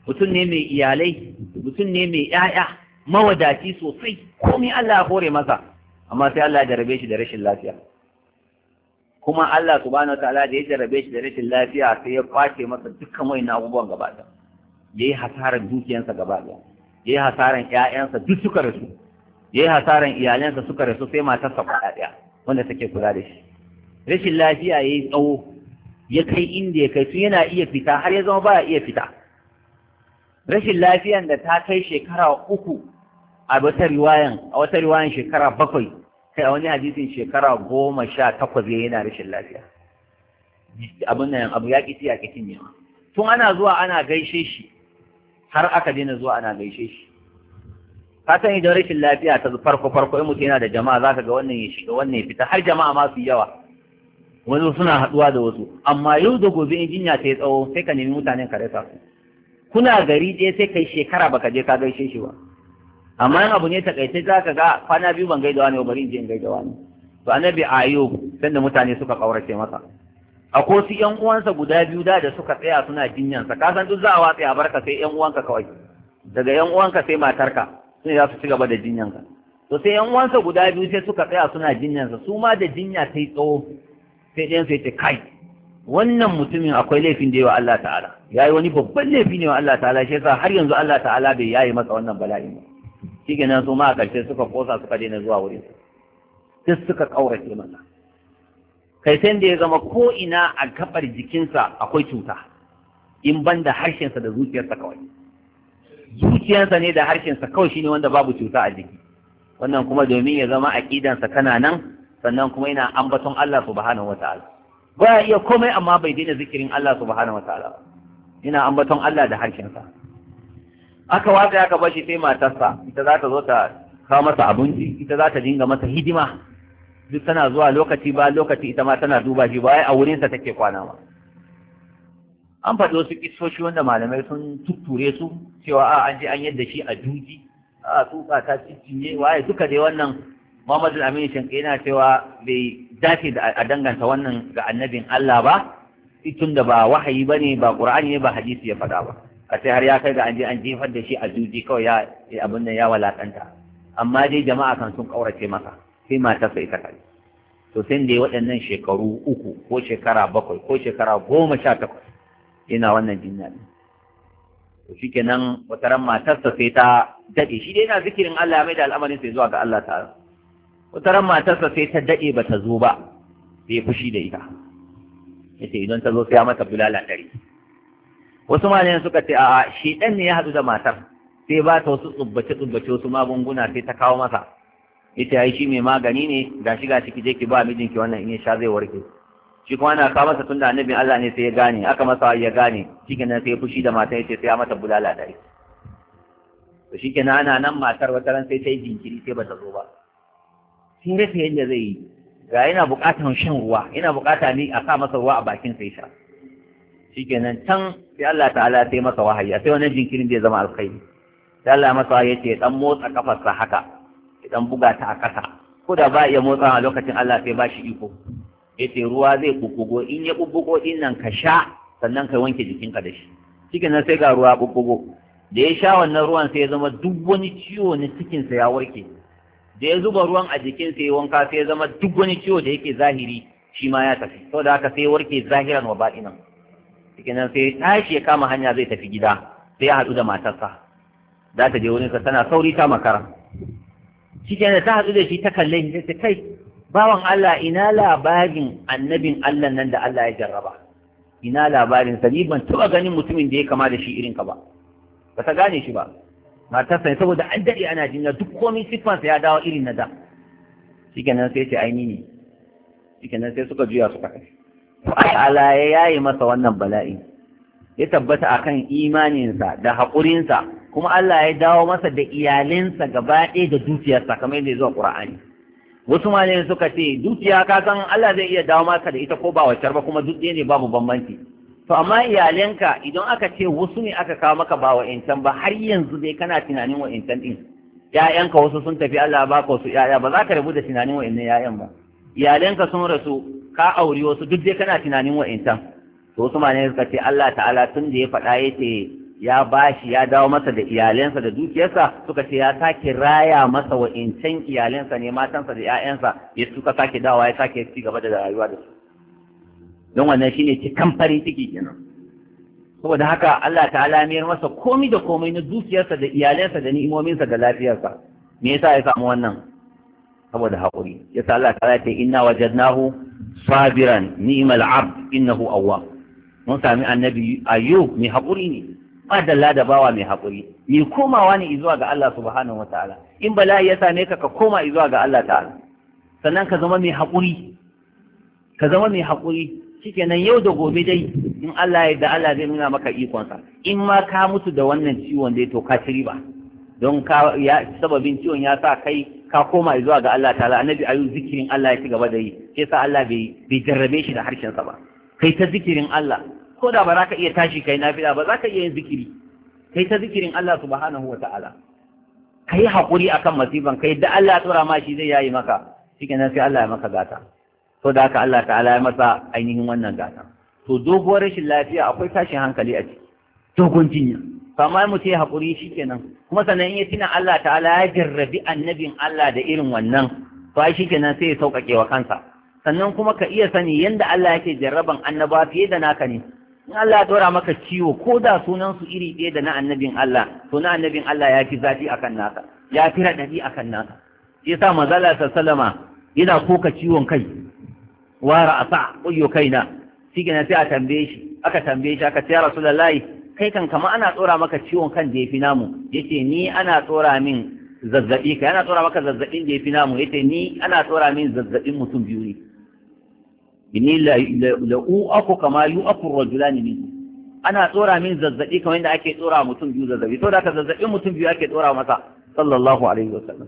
mutum ne mai iyalai mutum ne mai 'ya'ya mawadaci sosai komai Allah ya hore masa amma sai Allah ya jarabe shi da rashin lafiya kuma Allah subhanahu wataala da ya jarabe shi da rashin lafiya sai ya kwace masa dukkan wayannan abubuwan gaba da yayi hasaran dukiyansa gaba da yayi hasaran ƴaƴansa duk suka rasu yayi hasaran iyalansa suka rasu sai matarsa kwada ɗaya wanda take kula da shi rashin lafiya yayi tsawo ya kai inda ya kai su yana iya fita har ya zama baya iya fita rashin lafiyan da ta kai shekara uku a wata riwayan a wata riwayan shekara bakwai a wani hadisin shekara goma sha takwas ya yana rashin lafiya abin nan abu ya ƙi ya ƙi cinyewa tun ana zuwa ana gaishe shi har aka daina zuwa ana gaishe shi ka san idan rashin lafiya ta farko farko in mutum yana da jama'a za ka ga wannan ya shiga wannan ya fita har jama'a ma su yawa wani suna haɗuwa da wasu amma yau da gobe in jinya ta yi tsawo sai ka nemi mutanen ka rasa su kuna gari ɗaya sai kai shekara baka je ka gaishe shi ba amma yana abu ne takaice za ka ga kwana biyu ban gaida wani bari in je in gaida wani to annabi ayub sanda mutane suka kaurace masa akwai su yan uwansa guda biyu da da suka tsaya suna jinyansa sa kasan duk za a watsa ya barka sai yan uwanka kawai daga yan uwanka sai matarka sun za su ci gaba da ka to sai yan uwansa guda biyu sai suka tsaya suna jinyansa su ma da jinya ta yi tsawo sai ɗayan sai ce kai wannan mutumin akwai laifin da yawa wa Allah ta'ala ya yi wani babban laifi ne wa Allah ta'ala shi yasa har yanzu Allah ta'ala bai yayi masa wannan bala'in ba shi nan su ma a ƙarshe suka kosa suka daina zuwa wurin duk suka ƙaurace masa kai sai da ya zama ko ina a gabar jikinsa akwai cuta in ban da harshensa da zuciyarsa kawai zuciyarsa ne da harshensa kawai shine wanda babu cuta a jiki wannan kuma domin ya zama aqidansa kana nan sannan kuma yana ambaton Allah subhanahu wataala ba iya komai amma bai daina zikirin Allah subhanahu wataala ina ambaton Allah da harshensa aka waka ya ka shi sai matarsa ita za ta zo ta kawo masa abinci ita za ta dinga masa hidima duk tana zuwa lokaci ba lokaci ita ma tana duba shi ba a wurinsa take kwana ba an faɗi wasu kisoshi wanda malamai sun tutture su cewa a an je an yadda shi a juji a tuka ta cinye waye duka dai wannan Muhammad Amin shanke yana cewa bai dace da a danganta wannan ga annabin Allah ba tun da ba wahayi bane ba Qur'ani ne ba hadisi ya faɗa ba a sai har ya kai ga an je an jefar da shi a juji kawai ya abin nan ya walakanta amma dai jama'a kan sun kaurace masa sai matarsa ita kai to sai da waɗannan shekaru uku ko shekara bakwai ko shekara goma sha takwas yana wannan jinya ne to shikenan wata ran matarsa sai ta daɗe shi dai yana zikirin Allah ya mai da al'amarin sai zuwa ga Allah ta'ala wata ran matarsa sai ta daɗe ba ta zo ba sai fushi da ita yace idan ta zo sai ya mata bulala ɗari wasu malayan suka ce a'a shi ɗan ne ya hadu da matar sai ba ta wasu tsubbace tsubbace wasu magunguna sai ta kawo masa ita yayi shi mai magani ne ga shi ga ki je ki ba mijinki wannan in ya sha zai warke shi kuma ana kawo masa tunda annabin Allah ne sai ya gane aka masa ya gane shikenan sai fushi da matar yace sai ya mata bulala dai to shikenan ana nan matar wata ran sai ta yi jinkiri sai bata zo ba dai sai yadda zai yi ga yana buƙatar shan ruwa yana buƙata ni a sa masa ruwa a bakin sai sha nan can sai Allah ta'ala sai masa wahayi sai wani jinkirin zai zama alkhairi sai Allah masa wahayi ce dan motsa kafarsa haka dan buga ta a kasa ko da ba iya motsa a lokacin Allah sai ba shi iko yace ruwa zai bubbugo in ya bubbugo din nan ka sha sannan ka wanke jikinka da shi nan sai ga ruwa bubbugo da ya sha wannan ruwan sai ya zama duk wani ciwo na cikinsa ya warke da ya zuba ruwan a jikinsa ya wanka sai ya zama duk wani ciwo da yake zahiri shi ma ya tafi saboda haka sai ya warke zahiran wa bainan cikinan sai tashi ya kama hanya zai tafi gida sai ya haɗu da matarsa za ta je wurinsa tana sauri ta makara cikinan ta haɗu da shi ta kalle shi ta kai bawan Allah ina labarin annabin Allah nan da Allah ya jarraba ina labarin sa ni ban taɓa ganin mutumin da ya kama da shi irin ka ba ba ta gane shi ba matarsa ne saboda an daɗe ana jinya duk komai siffansa ya dawo irin na da nan sai ce aini ne nan sai suka juya suka kai ala ya yayi masa wannan bala'i ya tabbata akan imaninsa da haƙurinsa kuma Allah ya dawo masa da iyalinsa gaba ɗaya da dukiyarsa kamar yadda zuwa Qur'ani wasu malamin suka ce dukiya ka san Allah zai iya dawo maka da ita ko ba wacce ba kuma duk ne babu bambanci to amma iyalanka idan aka ce wasu ne aka kawo maka ba wa'incan ba har yanzu dai kana tunanin wa'incan ɗin ƴaƴanka wasu sun tafi Allah ba ka wasu ƴaƴa ba za ka rabu da tunanin wa'innan ƴaƴan ba iyalanka sun rasu ka auri wasu duk dai kana tunanin wa'incan to wasu mane suka ce Allah ta'ala tun da ya faɗa ya ce ya bashi ya dawo masa da iyalensa da dukiyarsa suka ce ya sake raya masa wa'incan iyalensa ne matansa da 'ya'yansa ya suka sake dawa ya sake ci gaba da rayuwa da su don wannan shine cikan farin ciki kenan saboda haka Allah ta'ala mayar masa komai da komai na dukiyarsa da iyalansa da ni'imominsa da lafiyarsa me yasa ya samu wannan saboda haƙuri yasa Allah ta ce inna wajadnahu sabiran ni'mal abd innahu awwab mun sami annabi ayyub mai haƙuri ne ba dalla da bawa mai haƙuri mai komawa ne zuwa ga Allah subhanahu wataala in bala'i ya same ka ka koma zuwa ga Allah ta'ala sannan ka zama mai haƙuri ka zama mai haƙuri shikenan yau da gobe dai in Allah ya da Allah zai nuna maka ikonsa in ma ka mutu da wannan ciwon dai to ka ciri ba don ka ya sababin ciwon ya sa kai ka koma zuwa ga Allah ta'ala annabi ayu zikirin Allah ya ci gaba da yi sai sa Allah bai bai jarrabe shi da harshen sa ba kai ta zikirin Allah ko da ba za ka iya tashi kai nafila ba za ka iya yin zikiri kai ta zikirin Allah subhanahu wa ta'ala kai hakuri akan masiban kai da Allah ya tura ma shi zai yayi maka shikenan sai Allah ya maka gata to da haka Allah ta'ala ya masa ainihin wannan gata to doguwar rashin lafiya akwai tashin hankali a ciki dogon jinya amma mu yi hakuri shikenan kuma sannan in ya tuna Allah ta'ala ya jarrabi annabin Allah da irin wannan to ai shikenan sai ya sauƙaƙe wa kansa sannan kuma ka iya sani yanda Allah yake jarraban annaba fiye da naka ne in Allah ya dora maka ciwo ko da sunan su iri ɗaya da na annabin Allah to na annabin Allah ya fi zafi akan naka ya fi raɗaɗi akan naka shi yasa manzala sallama yana koka ciwon kai wara asa ƙuyo kaina na sai a tambaye shi aka tambaye shi aka ce ya rasulullahi kai kan kama ana tsora maka ciwon kan da ya fi namu yace ni ana tsora min zazzabi kai ana tsora maka zazzabin da ya fi namu yace ni ana tsora min zazzabin mutum biyu ne inni la'u aku kama yu aku rajulani min ana tsora min zazzabi kamar yadda ake tsora mutum biyu zazzabi to da ka zazzabin mutum biyu ake tsora masa sallallahu alaihi wasallam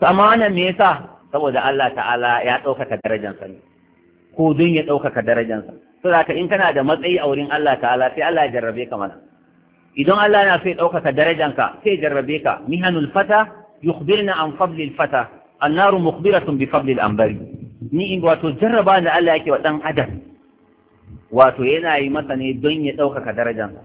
amma nan me yasa saboda Allah ta'ala ya ɗaukaka darajansa ne ko don ya ɗaukaka darajansa to in kana da matsayi a wurin Allah ta'ala sai Allah ya jarrabe ka mana idan Allah yana so ya ɗaukaka darajanka sai ya jarrabe ka mihanul fata yukhbirna an fadlil fata annaru mukhbiratun bi fadlil anbari ni in wato jarraba da Allah yake wa ɗan adam wato yana yi masa ne don ya ɗaukaka darajansa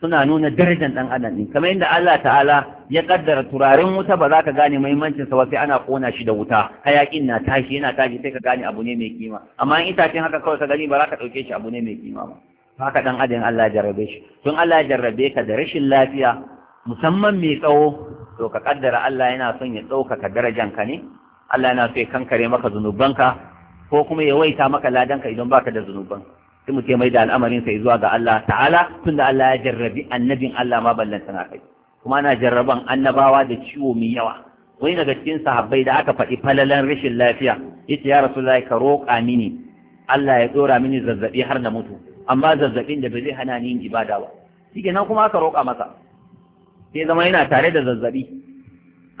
suna nuna darajar dan adam din kamar yadda Allah ta'ala ya kaddara turaren wuta ba za ka gane muhimmancin sa ba sai ana kona shi da wuta hayakin na tashi yana tashi sai ka gane abu ne mai kima amma in itacen haka kawai ka gani ba za ka dauke shi abu ne mai kima ba haka dan adam Allah ya jarrabe shi tun Allah ya jarrabe ka da rashin lafiya musamman mai tsawo to ka kaddara Allah yana son ya ɗaukaka ka ne Allah yana so ya kankare maka zunubanka ko kuma ya waita maka ladanka idan baka da zunuban sai mu mai da al'amarin sai zuwa ga Allah ta'ala tun da Allah ya jarrabi annabin Allah ma ballan sana kai kuma ana jarraban annabawa da ciwo mai yawa wani daga cikin sahabbai da aka faɗi falalan rashin lafiya yace ya rasulullahi ka roƙa mini Allah ya dora mini zazzabi har na mutu amma zazzabin da ba zai hana ni yin ibada ba shikenan kuma aka roƙa masa sai zama yana tare da zazzabi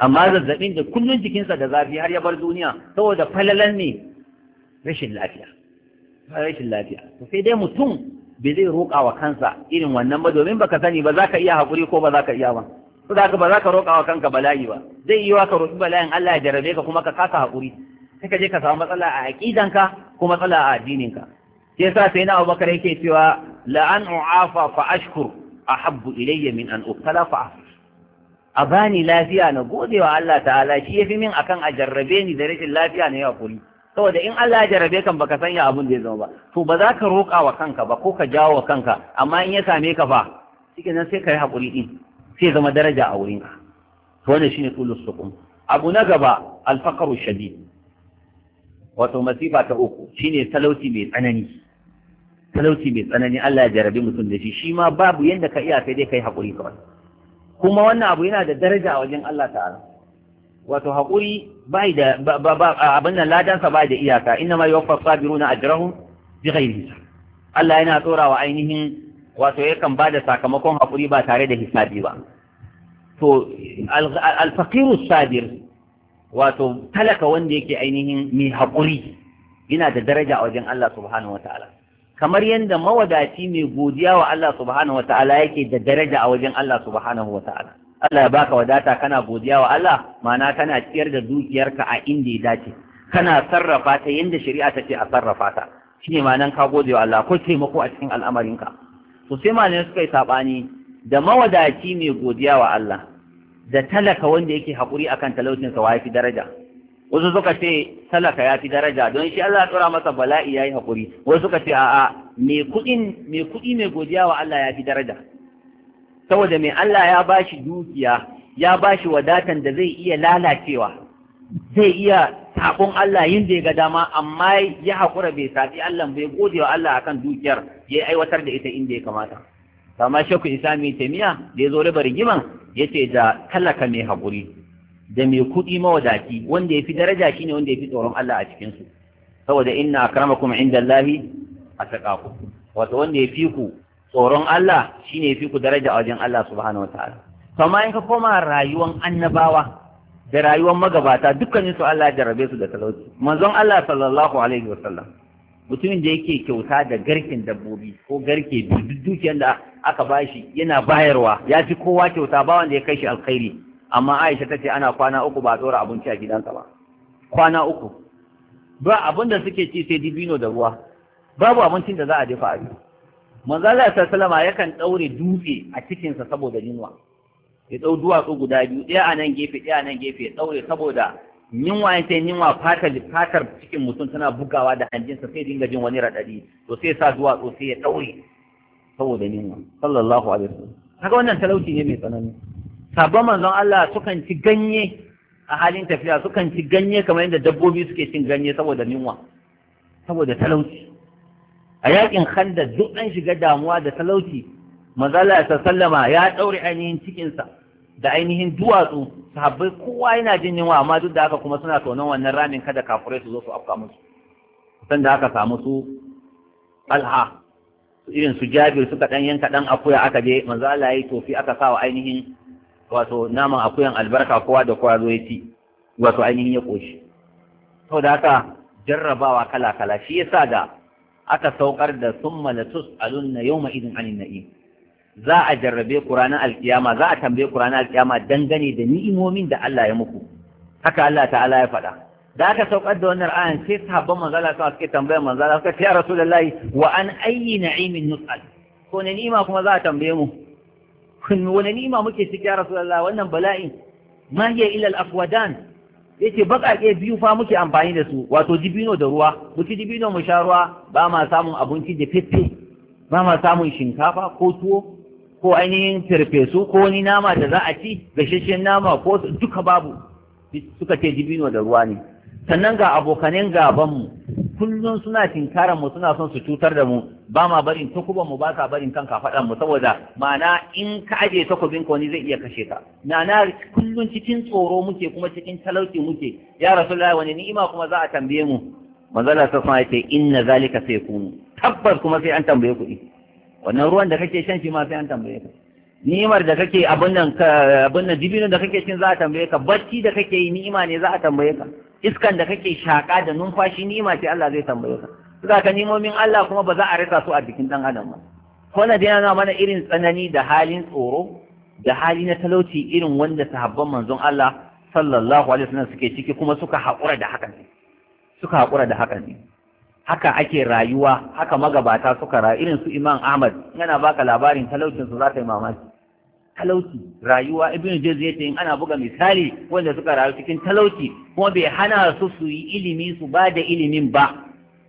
amma zazzabin da kullun jikinsa da zafi har ya bar duniya saboda falalan ne rashin lafiya rashin lafiya to sai dai mutum bai zai roƙa wa kansa irin wannan ba domin baka sani ba za ka iya haƙuri ko ba za ka iya ba to da ba za ka roƙa wa kanka bala'i ba zai yi wa ka roƙi bala'in Allah ya jarabe ka kuma ka kasa haƙuri sai ka je ka samu matsala a aqidanka ko matsala a addininka sai yasa sai na Abubakar yake cewa la an u'afa fa ashkur ahabbu ilayya min an ubtala fa a bani lafiya na gode wa Allah ta'ala shi yafi min akan a jarrabe ni da rashin lafiya na yi haƙuri. saboda in Allah ya jarabe kan baka sanya abun da ya zama ba to ba za ka roƙa wa kanka ba ko ka jawo wa kanka amma in ya same ka fa cikin nan sai ka yi haƙuri din sai zama daraja a wurin ka to wannan shine tulus sukum abu na gaba alfaqaru shadid wato masifa ta uku shine talauci mai tsanani talauci mai tsanani Allah ya jarabe mutum da shi shi ma babu yanda ka iya sai dai kai haƙuri kawai kuma wannan abu yana da daraja a wajen Allah ta'ala wato haƙuri bai da abin nan ladansa bai da iyaka inna ma yuwaffa sabiruna ajrahum bi ghairi Allah yana tsorawa ainihin wato yakan ba da sakamakon haƙuri ba tare da hisabi ba to alfaqiru sabir wato talaka wanda yake ainihin mai haƙuri yana da daraja a wajen Allah subhanahu wataala kamar yadda mawadaci mai godiya wa Allah subhanahu wataala yake da daraja a wajen Allah subhanahu wataala Allah ya baka wadata kana godiya wa Allah ma'ana kana ciyar da dukiyarka a inda ya dace kana sarrafa ta yanda shari'a ta ce a sarrafa ta shine ma'anan ka gode wa Allah ko taimako a cikin al'amarinka to sai malamai suka yi sabani da mawadaci mai godiya wa Allah da talaka wanda yake haƙuri akan talaucinsa sa wafi daraja wasu suka ce talaka ya fi daraja don shi Allah ya tsora masa bala'i ya yi haƙuri wasu suka ce a'a mai kuɗi mai godiya wa Allah ya fi daraja saboda mai Allah ya ba shi dukiya ya bashi wadatan da zai iya lalacewa zai iya taɓon Allah yin da ya ga dama amma ya haƙura bai safi Allah bai gode wa Allah akan dukiyar ya aiwatar da ita inda ya kamata kama shaku isa mai taimiya da ya zo riba rigiman ya ce da talaka mai haƙuri da mai kuɗi mawadaci wanda ya fi daraja shine wanda ya fi tsoron Allah a cikinsu saboda inna akramakum inda Allah a ku. wato wanda ya fi ku tsoron Allah shine fi ku daraja a wajen Allah subhanahu wataala Kama in ka koma rayuwan annabawa da rayuwar magabata dukkanin su Allah ya jarrabe su da talauci manzon Allah sallallahu alaihi sallam. mutumin da yake kyauta da garkin dabbobi ko garke duk dukiyar da aka bashi yana bayarwa ya fi kowa kyauta ba wanda ya kai shi alkhairi amma Aisha ta ce ana kwana uku ba tsora abinci a gidansa ba kwana uku ba abin da suke ci sai dibino da ruwa babu abincin da za a dafa a manzala ta salama yakan daure dutse a cikinsa saboda yunwa ya dau duwatsu guda biyu ɗaya a nan gefe ɗaya a nan gefe ya saboda yunwa ya sai yunwa fatar fatar cikin mutum tana bugawa da hanjinsa sai dinga jin wani raɗaɗi to sai sa duwatsu sai ya daure. saboda yunwa sallallahu alaihi wasallam kaga wannan talauci ne mai tsanani sabon manzon Allah sukan ci ganye a halin tafiya sukan ci ganye kamar yadda dabbobi suke cin ganye saboda yunwa saboda talauci a yakin handa duk an shiga damuwa da talauci manzala ya sallama ya daure ainihin cikinsa da ainihin duwatsu sahabbai kowa yana jin yunwa amma duk da haka kuma suna tonon wannan ramin kada kafurai su zo su afka musu kusan da haka samu su alha irin su jabir suka dan yanka dan akuya aka je manzo tofi aka sawa ainihin wato naman akuyan albarka kowa da kowa zo ya ci wato ainihin ya koshi saboda haka jarrabawa kala kala shi yasa da aka saukar da summa la tus'alunna yawma idin anin na'im za a jarrabe ku ranar alkiyama za a tambaye ku ranar alkiyama dangane da ni'imomin da Allah ya muku haka Allah ta'ala ya faɗa da aka saukar da wannan ayan sai sahabban manzo Allah suka tambayar manzo Allah suka ce ya rasulullahi wa an ayyi na'imin nus'al ko ne ni'ima kuma za a tambaye mu kun wani ni'ima muke ciki ya rasulullahi wannan bala'in ma hiya illa al-afwadan yace bakake biyu fa muke amfani da su wato dibino da ruwa Mu ci dibino mu sha ruwa ba ma samun abinci da fefe ba ma samun shinkafa ko tuwo ko ainihin firfesu ko wani nama da za a ci gasasshen nama ko duka babu suka ce dibino da ruwa ne sannan ga abokanen mu kullum suna tinkara mu suna son su cutar da mu ba ma barin takuban mu ba ka barin kanka faɗan mu saboda ma'ana in ka aje takubin ka wani zai iya kashe ka Ina-na kullum cikin tsoro muke kuma cikin talauci muke ya rasulullahi wani ni'ima kuma za a tambaye mu manzala ta sama yace inna zalika ku. tabbas kuma sai an tambaye kuɗi wannan ruwan da kake shan shi ma sai an tambaye ka ni'imar da kake abin nan abin nan dibinin da kake cin za a tambaye ka bacci da kake yi ni'ima ne za a tambaye ka iskan da kake shaƙa da numfashi ma ce Allah zai tambaye ka suka ka nimomin Allah kuma ba za a rasa su a jikin ɗan adam ba na dai yana mana irin tsanani da halin tsoro da hali na talauci irin wanda sahabban manzon Allah sallallahu alaihi wasallam suke ciki kuma suka haƙura da hakan suka haƙura da hakan ne haka ake rayuwa haka magabata suka rayu irin su Imam Ahmad yana baka labarin talaucin su za ta yi mamaki talauci rayuwa ibn jaz yace in ana buga misali wanda suka rayu cikin talauci kuma bai hana su su yi ilimi su bada da ilimin ba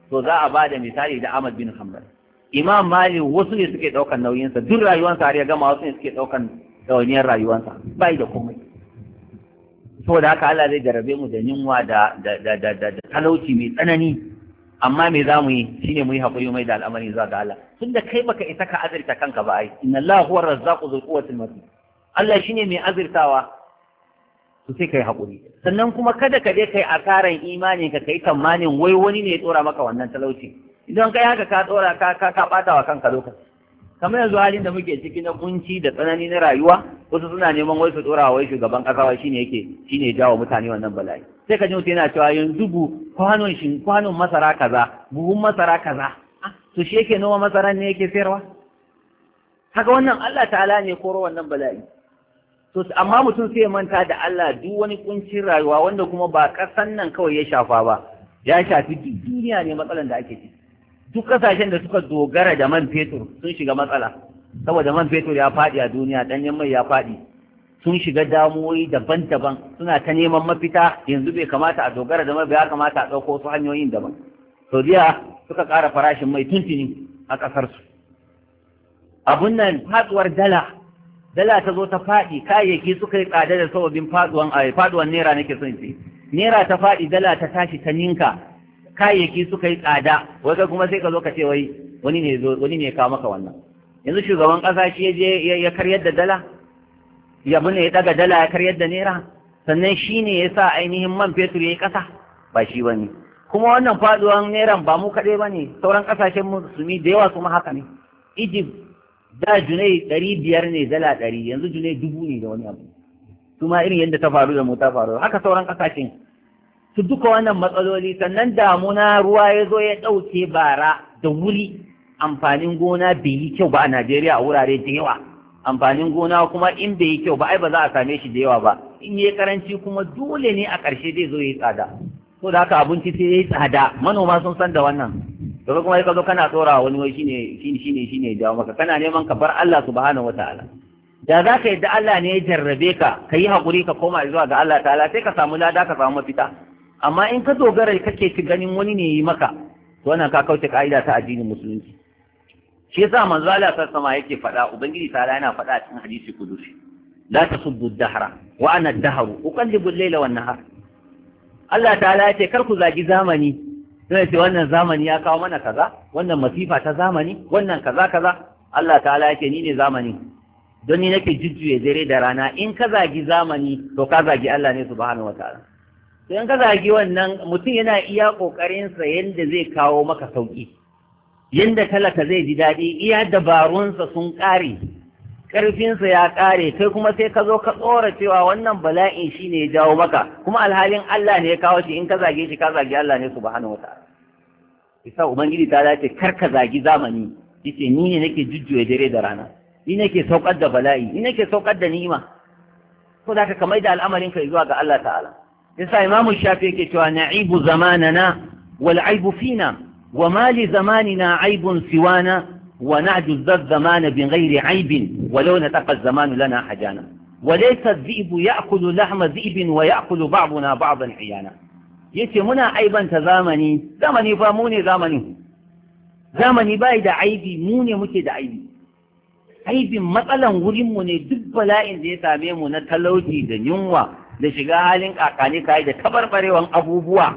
to za a ba da misali da Ahmad bin Hanbal Imam Malik wasu ne suke daukan nauyinsa duk rayuwarsa har ya gama wasu ne suke daukan dawaniyar rayuwarsa bai da komai saboda haka Allah zai jarabe mu da yunwa da da da da talauci mai tsanani amma me za mu yi Shi ne mu yi haƙuri mai da al'amari zuwa ga Allah tun da kai baka isa ka azirta kanka ba ai inna Allah huwa razzaqu dhul quwwati matin Allah shi ne mai azirtawa to sai kai haƙuri sannan kuma kada ka je kai asaran imani ka kai tamanin wai wani ne ya tsora maka wannan talauci idan kai haka ka tsora ka ka ka bata wa kanka lokaci kamar yanzu halin da muke ciki na kunci da tsanani na rayuwa wasu suna neman wai su dora wai shugaban kasa wai shine yake shine jawo mutane wannan bala'i sai ka ji mutum yana cewa yanzu bu kwanon shin kwanon masara kaza buhun masara kaza ah, to shi yake noma masara ne yake sayarwa haka wannan Allah ta'ala ne koro wannan bala'i to amma mutum sai ya manta da Allah duk wani kuncin rayuwa wanda kuma ba kasan nan kawai ya shafa ba ya shafi duniya ne matsalan da ake ciki duk kasashen da suka dogara da man fetur sun shiga matsala saboda man fetur ya faɗi a duniya ɗanyen mai ya faɗi sun shiga damuwoyi daban-daban suna ta neman mafita yanzu bai kamata a dogara da mai ya kamata a ɗauko su hanyoyin daban saudiya suka ƙara farashin mai tuntuni a ƙasarsu abun nan faɗuwar dala dala ta zo ta faɗi kayayyaki suka yi tsada da sababin faɗuwan naira nake son ce naira ta faɗi dala ta tashi ta ninka kayayyaki suka yi tsada wai kai kuma sai ka zo ka ce wai wani ne zo wani ne ya kawo maka wannan yanzu shugaban ƙasa shi ya je ya karyar da dala ya bune ya daga dala ya karyar da naira sannan shi ne ya sa ainihin man fetur ya yi ƙasa ba shi ba ne kuma wannan faduwan neran ba mu kaɗai ba ne sauran ƙasashen musulmi da yawa kuma haka ne egypt da junai ɗari biyar ne dala ɗari yanzu junai dubu ne da wani abu kuma irin yadda ta faru da mu ta faru haka sauran ƙasashen su duka wannan matsaloli sannan damuna ruwa ya zo ya ɗauke bara da wuri amfanin gona bai yi kyau ba a Najeriya a wurare da yawa amfanin gona kuma in bai yi kyau ba ai ba za a same shi da yawa ba in yi karanci kuma dole ne a ƙarshe zai zo ya yi tsada so da haka abinci sai ya yi tsada manoma sun san da wannan daga kuma ka zo kana tsora wani wai shine shine shine shine jawo maka kana neman ka bar Allah subhanahu wataala da za ka yi da Allah ne ya jarrabe ka ka yi haƙuri ka koma zuwa ga Allah ta'ala sai ka samu lada ka samu mafita amma in ka dogara kake ci ganin wani ne yi maka to wannan ka kauce ka'ida ta addinin musulunci shi yasa manzo Allah sama yake faɗa ubangiji ta yana faɗa cikin hadisi kudusi la tasubbu dahra wa ana dahru uqallibu al-layla an nahar Allah ta'ala ya ce kar ku zagi zamani sai ce wannan zamani ya kawo mana kaza wannan masifa ta zamani wannan kaza kaza Allah ta'ala ya ce ni ne zamani don ni nake jujjuye dare da rana in ka zagi zamani to ka zagi Allah ne subhanahu wataala don ka zagi wannan mutum yana iya ƙoƙarinsa yadda zai kawo maka sauƙi yadda talaka zai ji daɗi iya dabarunsa sun ƙare ƙarfinsa ya ƙare kai kuma sai ka zo ka tsora cewa wannan bala'in shi ne ya jawo maka kuma alhalin Allah ne ya kawo shi in ka zage shi ka zage Allah ne subhanahu wataala isa ubangiji ta dace kar ka zagi zamani yace ni ne nake jujjuya dare da rana ni nake saukar da bala'i ni nake saukar da ni'ima ko da ka kamar da al'amarin ka zuwa ga Allah ta'ala yasa imamu shafi yake cewa na'ibu zamanana wal aibu fina wa ma li zamanina aibun siwana wa na'ju zamana bi ghairi aibin walau nataqa zamanu lana hajana wa وليس الذئب يأكل لحم ذئب ويأكل بعضنا بعضا عيانا yace muna aibanta zamani zamani fa mu ne zamanin zamani bai da aibi mu ne muke da aibi aibin matsalan wurinmu ne duk bala'in da ya same mu na talauci da yunwa da shiga halin kakani kayi da tabarbarewan abubuwa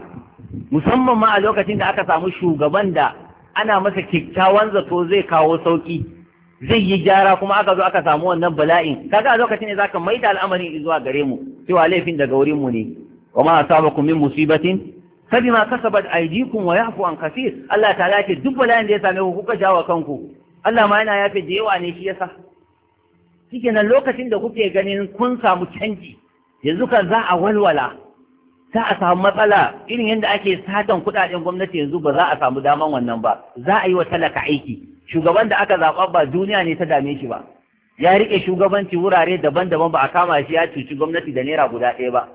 musamman ma a lokacin da aka samu shugaban da ana masa kyakkyawan zato zai kawo sauki zai yi gyara kuma aka zo aka samu wannan bala'in kaga a lokacin ne zaka maida al'amarin zuwa gare mu cewa laifin daga wurin mu ne wa ma asabakum min musibatin fabima kasabat aydikum wa yafu an kaseer Allah ta'ala ce duk bala'in da ya same ku kuka jawo kanku Allah ma yana yafe da yawa ne shi yasa shikenan lokacin da kuke ganin kun samu canji yanzu kan za a walwala za a samu matsala irin yadda ake satan kudaden gwamnati yanzu ba za a samu daman wannan ba za a yi wa talaka aiki shugaban da aka zaɓa ba duniya ne ta dame shi ba ya riƙe shugabanci wurare daban-daban ba a kama shi ya cuci gwamnati da naira guda ɗaya ba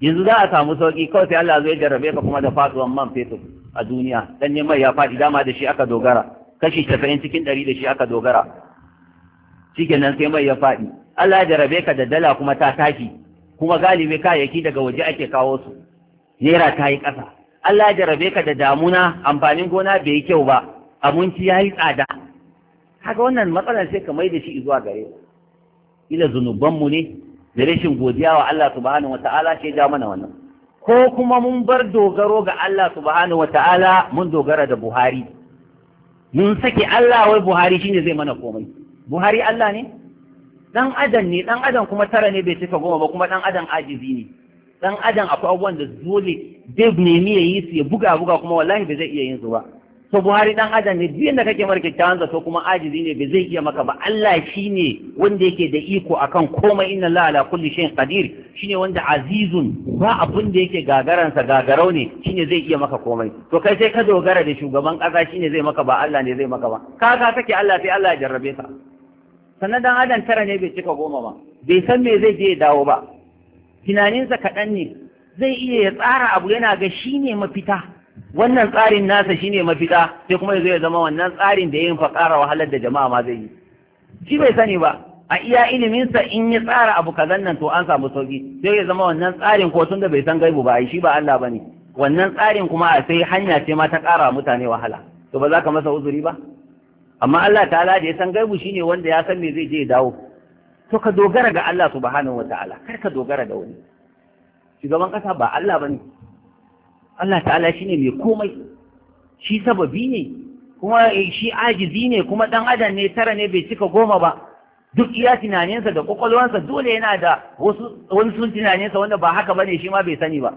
yanzu za a samu sauƙi kawai sai Allah zai jarrabe ka kuma da fasuwan man fetur a duniya dan mai ya faɗi dama da shi aka dogara kashi tafa'in cikin ɗari da shi aka dogara nan sai mai ya faɗi Allah ya jarrabe ka da dala kuma ta tashi kuma galibi kayayyaki daga waje ake kawo su naira ta yi ƙasa Allah ya ka da damuna amfanin gona bai yi kyau ba abinci ya yi tsada haka wannan matsalar sai ka mai da shi zuwa gare ila zunubanmu ne da rashin godiya wa Allah subhanahu wata'ala sai ja mana wannan ko kuma mun bar dogaro ga Allah subhanahu wata'ala mun dogara da Buhari mun sake Allah wai Buhari shine zai mana komai Buhari Allah ne dan adam ne dan adam kuma tara ne bai cika goma ba kuma dan adam ajizi ne dan adam akwai abubuwan da dole zai nemi ya yi su ya buga buga kuma wallahi bai zai iya yin su ba to buhari dan adam ne duk da kake mara kyakkyawan zato kuma ajizi ne bai zai iya maka ba Allah shine wanda yake da iko akan komai inna Allah ala kulli shay'in qadir shine wanda azizun ba abun da yake gagaran sa gagarau ne shine zai iya maka komai to kai sai ka dogara da shugaban kasa shine zai maka ba Allah ne zai maka ba kaga kake Allah sai Allah ya jarrabe ka sannan dan adam tara ne bai cika goma ba bai san me zai je ya dawo ba tunaninsa kaɗan ne zai iya ya tsara abu yana ga shi ne mafita wannan tsarin nasa shi ne mafita sai kuma ya zama wannan tsarin da ya yin fa ƙara wahalar da jama'a ma zai yi shi bai sani ba a iya iliminsa in ya tsara abu kazan nan to an samu sauki sai ya zama wannan tsarin ko tun da bai san gaibu ba shi ba Allah bane wannan tsarin kuma a sai hanya ce ma ta ƙara mutane wahala to ba za ka masa uzuri ba amma Allah ta'ala da ya san gaibu shine wanda ya san me zai je dawo to ka dogara ga Allah subhanahu wataala kar ka dogara da wani shugaban kasa ba Allah bane Allah ta'ala shine mai komai shi sababi ne kuma shi ajizi ne kuma dan adam ne tara ne bai cika goma ba duk iya tunaninsa da kwakwalwansa dole yana da wasu wani sun tunaninsa wanda ba haka bane shi ma bai sani ba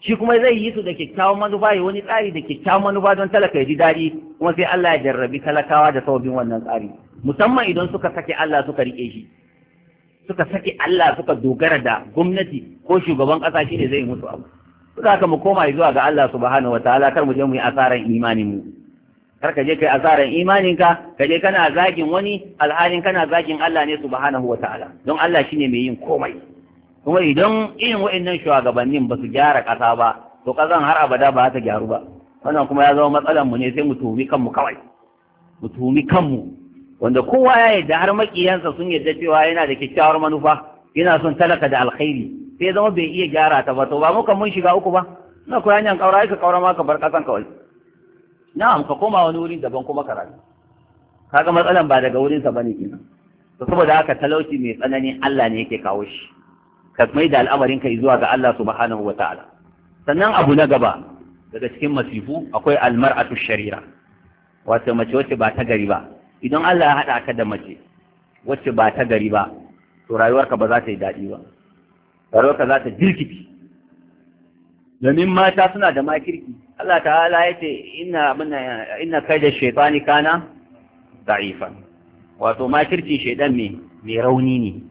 shi kuma zai yi su da kyakkyawan manufa ya wani tsari da kyakkyawan manufa don talaka ya ji daɗi kuma sai Allah ya jarrabi talakawa da sababbin wannan tsari musamman idan suka sake Allah suka riƙe shi suka sake Allah suka dogara da gwamnati ko shugaban ƙasa shi ne zai mutu abu su haka mu koma zuwa ga Allah subhanahu wataala kar mu je mu yi asaran imanin mu kar ka je kai asaran imaninka ka je kana zagin wani alhalin kana zagin Allah ne subhanahu wataala don Allah shine mai yin komai kuma idan irin wa'annan shugabannin ba su gyara ƙasa ba to ƙasan har abada ba ta gyaru ba wannan kuma ya zama matsalar mu ne sai mu tuhumi kanmu kawai mu tuhumi kanmu wanda kowa ya da har makiyansa sun yarda cewa yana da kyakkyawar manufa yana son talaka da alkhairi sai ya zama bai iya gyara ta ba to ba muka mun shiga uku ba na koyi yanyan ƙaura ka ƙaura ma ka bar ƙasan kawai na'am ka koma wani wurin daban kuma ka rayu kaga matsalan ba daga wurinsa bane kenan saboda haka talauci mai tsanani Allah ne yake kawo shi ka mai da al'amarinka zuwa ga Allah subhanahu wa ta'ala sannan abu na gaba daga cikin masifu akwai almar'atu sharira wato mace wacce ba ta gari ba idan Allah ya haɗa ka da mace wacce ba ta gari ba to rayuwarka ba za ta yi daɗi ba rayuwarka za ta jirkiti domin mata suna da makirki Allah ta'ala ya ce ina ina kai da shaitani kana da'ifan wato makircin shaidan me mai rauni ne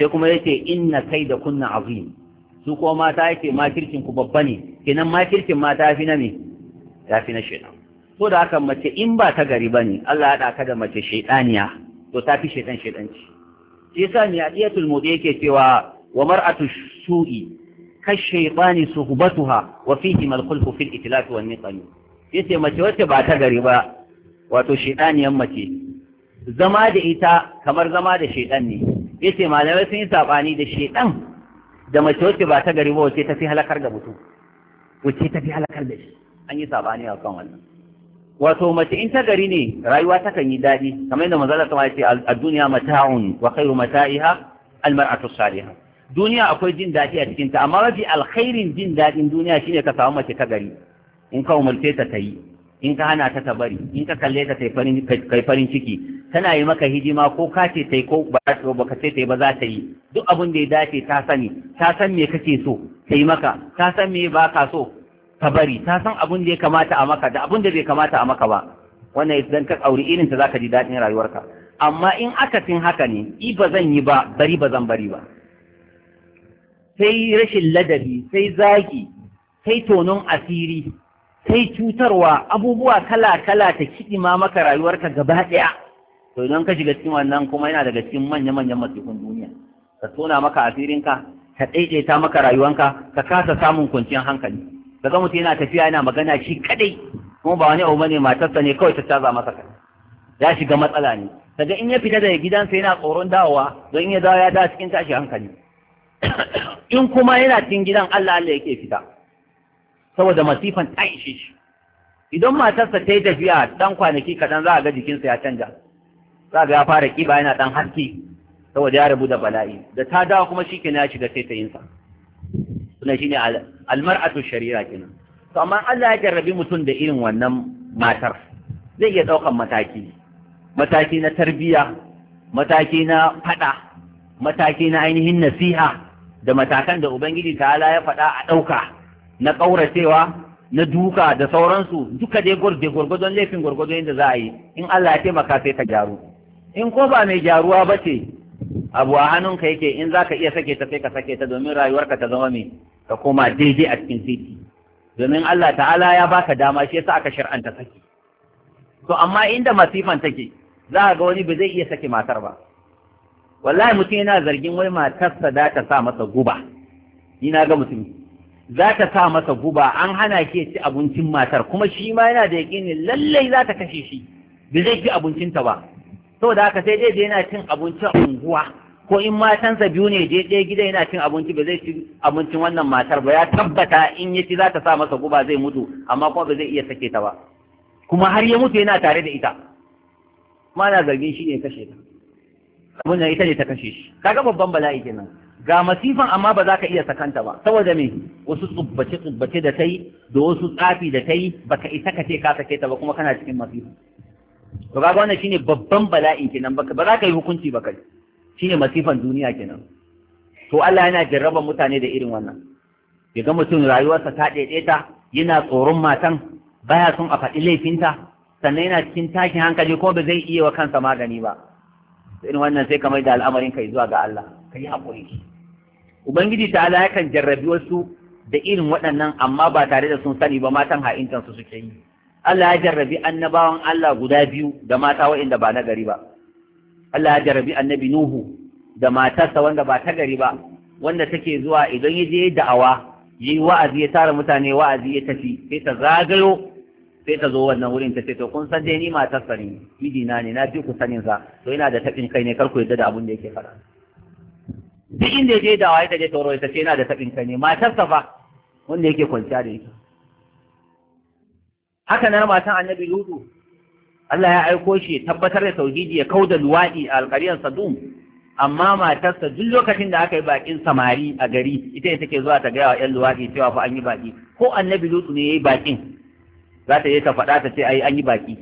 sai kuma yace inna da kunna azim su kuma mata yace makirkin ku babba ne kenan makirkin mata ya fi na me ya fi na shaitan so da haka mace in ba ta gari ne, Allah ya ɗaka da mace shaitaniya to ta fi shaitan shaitanci shi yasa ne adiyatul mudi yake cewa wa mar'atu su'i ka shaitani suhbatuha wa fihi mal khulfu fil itlaf wa niqam yace mace wacce ba ta gari ba wato shaitaniyan mace zama da ita kamar zama da shaitan ne ce malamai sun yi saɓani da shedan da mace wacce ba ta gari ba wacce ta fi halakar da mutum wacce ta fi halakar da shi an yi saɓani a kan wannan wato mace in ta gari ne rayuwa ta kan yi daɗi kamar yadda manzala ta ce a duniya mata'un wa khairu mata'iha almar'atu salihah duniya akwai jin daɗi a cikinta amma mafi alkhairin jin daɗin duniya shine ka samu mace ta gari in ka umarce ta ta yi in ka hana ta tabari bari in ka kalle ta kai farin ciki tana yi maka hidima ko ka ce ta yi ko ba ka ce ta yi ba za ta yi duk abin da ya dace ta sani ta san me kake so ta yi maka ta san me ba ka so ka bari ta san abin da ya kamata a maka da abin da bai kamata a maka ba wannan zan ka auri irin ta zaka ji daɗin rayuwarka amma in aka akasin haka ne i ba zan yi ba bari ba zan bari ba sai rashin ladabi sai zagi sai tonon asiri kai cutarwa abubuwa kala-kala ta kiɗima maka rayuwarka gaba ɗaya to idan ka shiga cikin wannan kuma yana daga cikin manya-manyan masifin duniya ka tona maka asirinka ka ɗaiɗaita maka rayuwanka ka kasa samun kwanciyar hankali ka ga mutum yana tafiya yana magana shi kaɗai kuma ba wani abu bane matarsa ne kawai ta caza masa kai ya shiga matsala ne kaga in ya fita daga gidansa yana tsoron dawowa don in ya dawo ya dawo cikin tashi hankali in kuma yana cikin gidan Allah Allah yake fita saboda masifan ta ishe shi idan matarsa ta yi tafiya ɗan kwanaki kaɗan za a ga jikinsa ya canja za ga ya fara kiba yana ɗan haske saboda ya rabu da bala'i da ta dawo kuma shi kenan ya shiga taitayinsa suna shi ne almar'atu Shari'a. kenan to amma Allah ya jarrabi mutum da irin wannan matar zai iya ɗaukan mataki mataki na tarbiyya mataki na faɗa mataki na ainihin nasiha da matakan da ubangiji ta ya faɗa a ɗauka na ƙauracewa na duka da sauransu duka dai gwarje gwargwadon laifin gwargwadon yadda za a yi in Allah ya taimaka sai ka gyaru in ko ba mai gyaruwa ba ce abu a hannunka yake in za ka iya sake ta sai ka sake ta domin rayuwarka ta zama mai ka koma daidai a cikin titi domin Allah ta'ala ya baka dama shi yasa aka shar'anta saki to amma inda masifan take za ga wani ba zai iya sake matar ba wallahi mutum yana zargin wai matarsa za ta sa masa guba ni na ga mutum za ta sa masa guba an hana ki ci abincin matar kuma shi ma yana da ne lallai za ta kashe shi ba zai ci abincinta ba saboda haka sai dai yana cin abinci unguwa ko in matansa biyu ne je ɗaya gida yana cin abinci ba zai ci abincin wannan matar ba ya tabbata in ya ci za ta sa masa guba zai mutu amma kuma ba zai iya sake ta ba kuma har ya mutu yana tare da ita kuma ana zargin shi ne kashe ta abin ita ne ta kashe shi Ka ga babban bala'i kenan ga masifan amma ba za ka iya sakanta ba saboda me wasu tsubbace tsubbace da tai da wasu tsafi da tai baka isa ka ce ka sake ta ba kuma kana cikin masifa to kaga wannan shine babban bala'in kenan ba za ka yi hukunci ba kai shine masifan duniya kenan to Allah yana jarraba mutane da irin wannan ya ga mutum rayuwarsa ta daidaita yana tsoron matan baya son a faɗi laifinta sannan yana cikin tashin hankali kuma ba zai iya wa kansa magani ba irin wannan sai kamar da al'amarin kai zuwa ga Allah ka yi haƙuri ubangiji ta ala yakan jarrabi wasu da irin waɗannan amma ba tare da sun sani ba matan ha'intan suke yi Allah ya jarrabi annabawan Allah guda biyu da mata waɗanda ba na gari ba Allah ya jarrabi annabi Nuhu da matarsa wanda ba ta gari ba wanda take zuwa idan ya je da'awa yi wa'azi ya tara mutane wa'azi ya tafi sai ta zagayo sai ta zo wannan wurin ta ce to kun san dai ni matarsa ne mijina ne na fi ku sanin sa to yana da taɓin kai ne kar ku yarda da abin da yake faɗa duk inda ya je da waye ta je tauro ita ce yana da taɓin ka ne matar safa wanda yake kwanciya da ita haka na matan annabi lutu Allah ya aiko shi tabbatar da tauhidi ya kauda luwaɗi a alƙariyar sadum amma matarsa duk lokacin da aka yi bakin samari a gari ita ne take zuwa ta gaya wa ƴan luwadi cewa fa an yi baki ko annabi lutu ne ya bakin za ta je ta faɗa ta ce ai an yi baki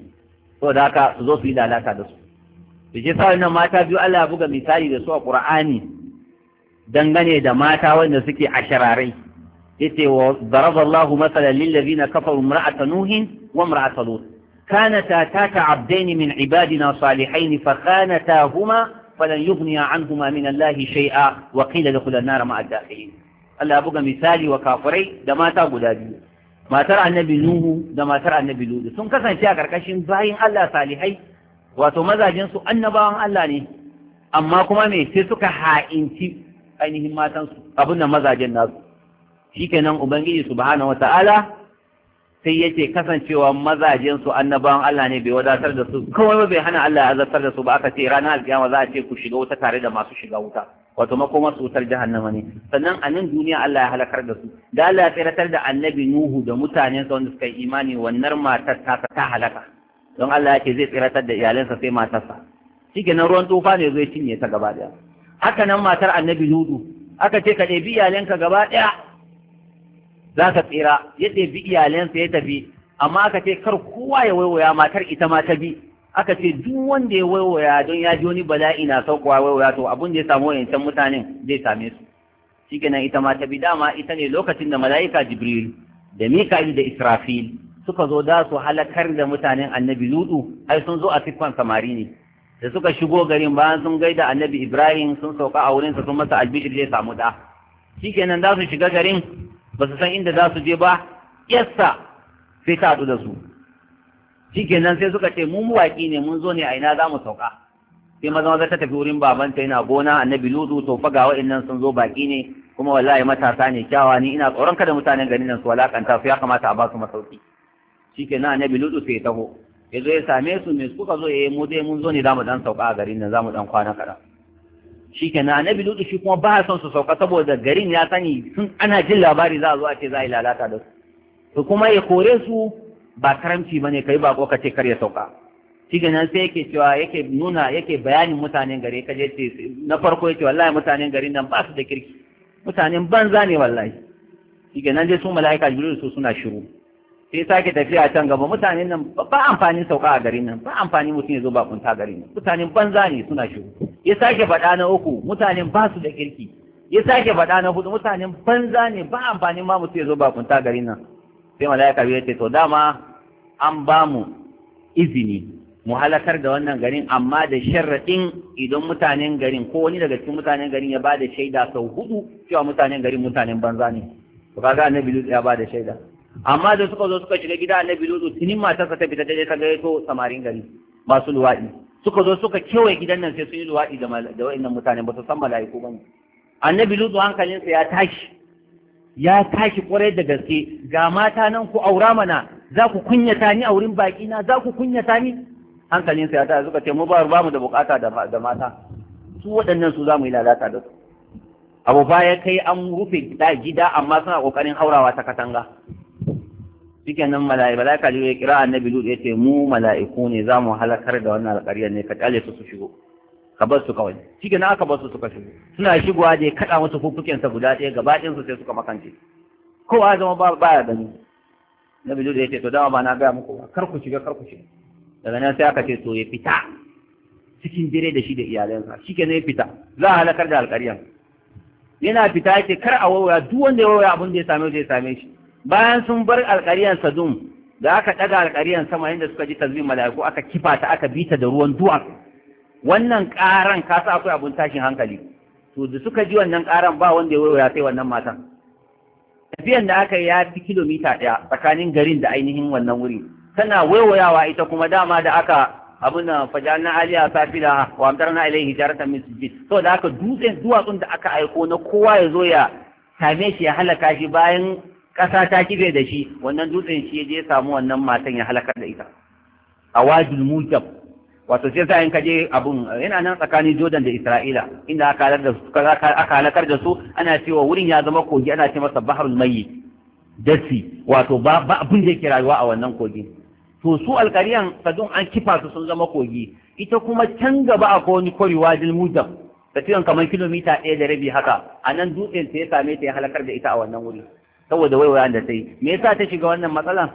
saboda haka su zo su yi lalata da su da shi mata biyu Allah ya buga misali da su a Qur'ani dangane da mata wanda suke a shararai yace wa daraba Allahu masalan lil ladina kafaru imra'ata nuhin wa imra'ata lut kanata tata abdaini min ibadina salihain fa huma falan yughniya anhuma min Allahi shay'a wa qila dakhula an-nar ma'a dakhilin Allah buga misali wa kafirai da mata guda biyu matar annabi Nuhu da matar annabi Lutu sun kasance a karkashin bayin Allah salihai wato mazajin su annabawan Allah ne amma kuma me sai suka ha'inci ainihin su abin nan mazajen nasu shikenan ubangiji subhanahu wata'ala sai yace kasancewa mazajen su annabawan Allah ne bai wadatar da su kawai bai hana Allah ya azabtar da su ba aka ce ranar alkiyama za a ce ku shiga wuta tare da masu shiga wuta wato makoma su wutar jahannama ne sannan a nan duniya Allah ya halakar da su da Allah ya tsiratar da annabi Nuhu da mutanen sa wanda suka yi imani wannan matar ta ta halaka don Allah ya ce zai tsiratar da iyalansa sai matarsa shikenan ruwan tufa ne zai cinye ta gaba daya haka nan matar annabi Nudu aka ce ka ɗebi iyalanka gaba ɗaya za ka tsira ya ɗebi iyalansa ya tafi amma aka ce kar kowa ya waiwaya matar ita ma ta bi aka ce duk wanda ya waiwaya don ya ji wani bala'i na saukowa waiwaya to abin da ya samu wayancan mutanen zai same su shikenan ita ma ta bi dama ita ne lokacin da mala'ika Jibril da Mika'il da Israfil suka zo da su halakar da mutanen Annabi Lutu ai sun zo a siffan samari ne da suka shigo garin bayan sun gaida annabi ibrahim sun sauka a wurinsa sun masa albishir zai samu da shikenan za su shiga garin ba su san inda za su je ba yassa sai ta haɗu da su shikenan sai suka ce mun waƙi ne mun zo ne a ina za mu sauka sai maza maza ta tafi wurin babanta yana gona annabi lutu to fa ga wa'annan sun zo baki ne kuma wallahi matasa ne kyawa ni ina tsoron kada mutanen garin nan su walakanta su ya kamata a ba su masauki shikenan annabi lutu sai ya taho ya zo ya same su me kuka zo ya eh, yi mu zai mun zo ne mu dan sauka a garin nan mu dan kwana kaɗan na annabi lutu shi kuma ba son su sauka saboda garin ya sani sun ana jin labari za a zo a ce za a yi lalata da su to kuma ya kore su ba karamci ba ne kai ba ko ka ce kar ya sauka nan sai yake cewa yake nuna yake bayanin mutanen gari kaje ce na farko yake wallahi mutanen garin nan ba su da kirki mutanen banza ne wallahi nan dai su mala'ika jirgin su suna shiru sai sake tafiya can gaba mutanen nan ba amfani sauka a garin nan ba amfani mutum ya zo ba kunta garin nan mutanen banza ne suna shiru ya sake faɗa na uku mutanen ba su da kirki ya sake faɗa na hudu mutanen banza ne ba amfani ma mutum ya zo ba kunta garin nan sai malaika biyu ce to dama an ba mu izini mu halakar da wannan garin amma da sharaɗin idan mutanen garin ko wani daga cikin mutanen garin ya ba da shaida sau hudu cewa mutanen garin mutanen banza ne to kaga annabi ya ba da shaida amma da suka zo suka shiga gida annabi lutsu tunin matarsa ta fita daidai ta ga to samarin gari masu luwaɗi suka zo suka kewaye gidan nan sai sun yi luwaɗi da wa'annan mutane ba su san mala'iku ba ne annabi lutsu hankalinsa ya tashi ya tashi kwarai da gaske ga mata nan ku aura mana za ku kunyata ni a wurin baki na za ku kunyata ni hankalinsa ya tashi suka ce mu ba mu da bukata da mata su waɗannan su za mu yi lalata da su abu ya kai an rufe gida amma suna ƙoƙarin haurawa ta katanga nan mala'ika mala'ika ya kira annabi lut ce mu mala'iku ne za mu halakar da wannan alƙariyar ne ka ƙyale su su shigo ka bar su kawai shikenan aka bar su suka shigo suna shigowa da kaɗa kada musu fuffuken sa guda ɗaya gaba ɗayan su sai suka makance kowa zama ba baya gani annabi ya ce to dama ba na gaya muku kar ku shiga kar ku shiga daga nan sai aka ce to ya fita cikin dire da shi da iyalansa ke ya fita za a halakar da alƙariyar yana fita ya ce kar a wawaya duk wanda ya wawaya abin da ya same shi ya same shi bayan sun bar alƙariyar sadum da aka ɗaga alƙariyar sama inda suka ji tazmin mala'iku aka kifa ta aka bita da ruwan duwan. wannan ƙaran ka sa akwai abun tashin hankali to da suka ji wannan ƙaran ba wanda ya ya sai wannan matan tafiyan da aka yi ya fi kilomita ɗaya tsakanin garin da ainihin wannan wuri tana waiwayawa ita kuma dama da aka abin nan fajalna aliya da wamtar na ilaihi jaratan ta sujjid so da aka dutsen duwatsun da aka aiko na kowa ya zo ya same shi ya halaka shi bayan ƙasa ta kife da shi wannan dutsen shi ya je samu wannan matan ya halakar da ita a wajin mutab wato sai sa'in ka je abun yana nan tsakanin jordan da isra'ila inda aka halakar da su ana cewa wurin ya zama kogi ana ce masa baharul mayyit dasi wato ba abin da yake rayuwa a wannan kogin to su alkariyan sadun an kifa su sun zama kogi ita kuma can gaba akwai wani kwari wajin mudam tafiyan kamar kilomita ɗaya da rabi haka a nan dutsen ta ya same ta ya halakar da ita a wannan wuri saboda waiwaya da ta yi me yasa ta shiga wannan matsalan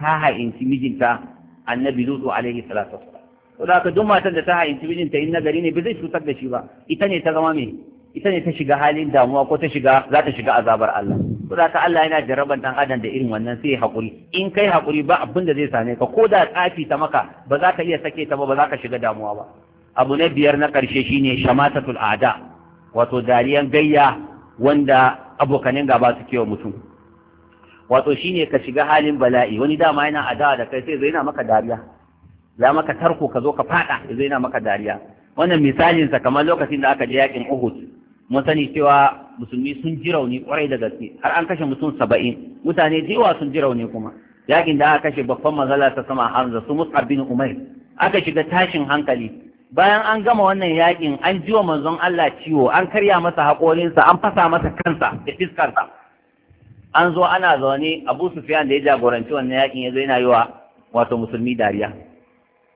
ta ha'inci mijinta annabi lutu alaihi salatu wassalam to da haka duk matan da ta ha'inci mijinta in nagari ne ba zai cutar da shi ba ita ne ta zama me ita ne ta shiga halin damuwa ko ta shiga za ta shiga azabar Allah to haka Allah yana jarraban dan adam da irin wannan sai hakuri in kai hakuri ba abin da zai same ka ko da tsafi ta maka ba za ka iya sake ta ba ba za ka shiga damuwa ba abu na biyar na karshe shine shamatatul ada wato dariyan gayya wanda abokanin gaba suke wa mutum wato shine ka shiga halin bala'i wani dama yana adawa da kai sai zai na maka dariya ya maka tarko ka zo ka fada zai yana maka dariya wannan misalinsa kamar lokacin da aka je yakin Uhud mun sani cewa musulmi sun ji rauni kwarai da gaske har an kashe mutum saba'in mutane jiwa sun ji rauni kuma yakin da aka kashe babban mazala ta sama Hamza su Mus'ab bin Umair aka shiga tashin hankali bayan an gama wannan yakin an ji wa manzon Allah ciwo an karya masa haƙorinsa an fasa masa kansa da fiskarsa an zo ana zaune abu sufiyan da ya jagoranci wannan yakin ya zo yana yi wa wato musulmi dariya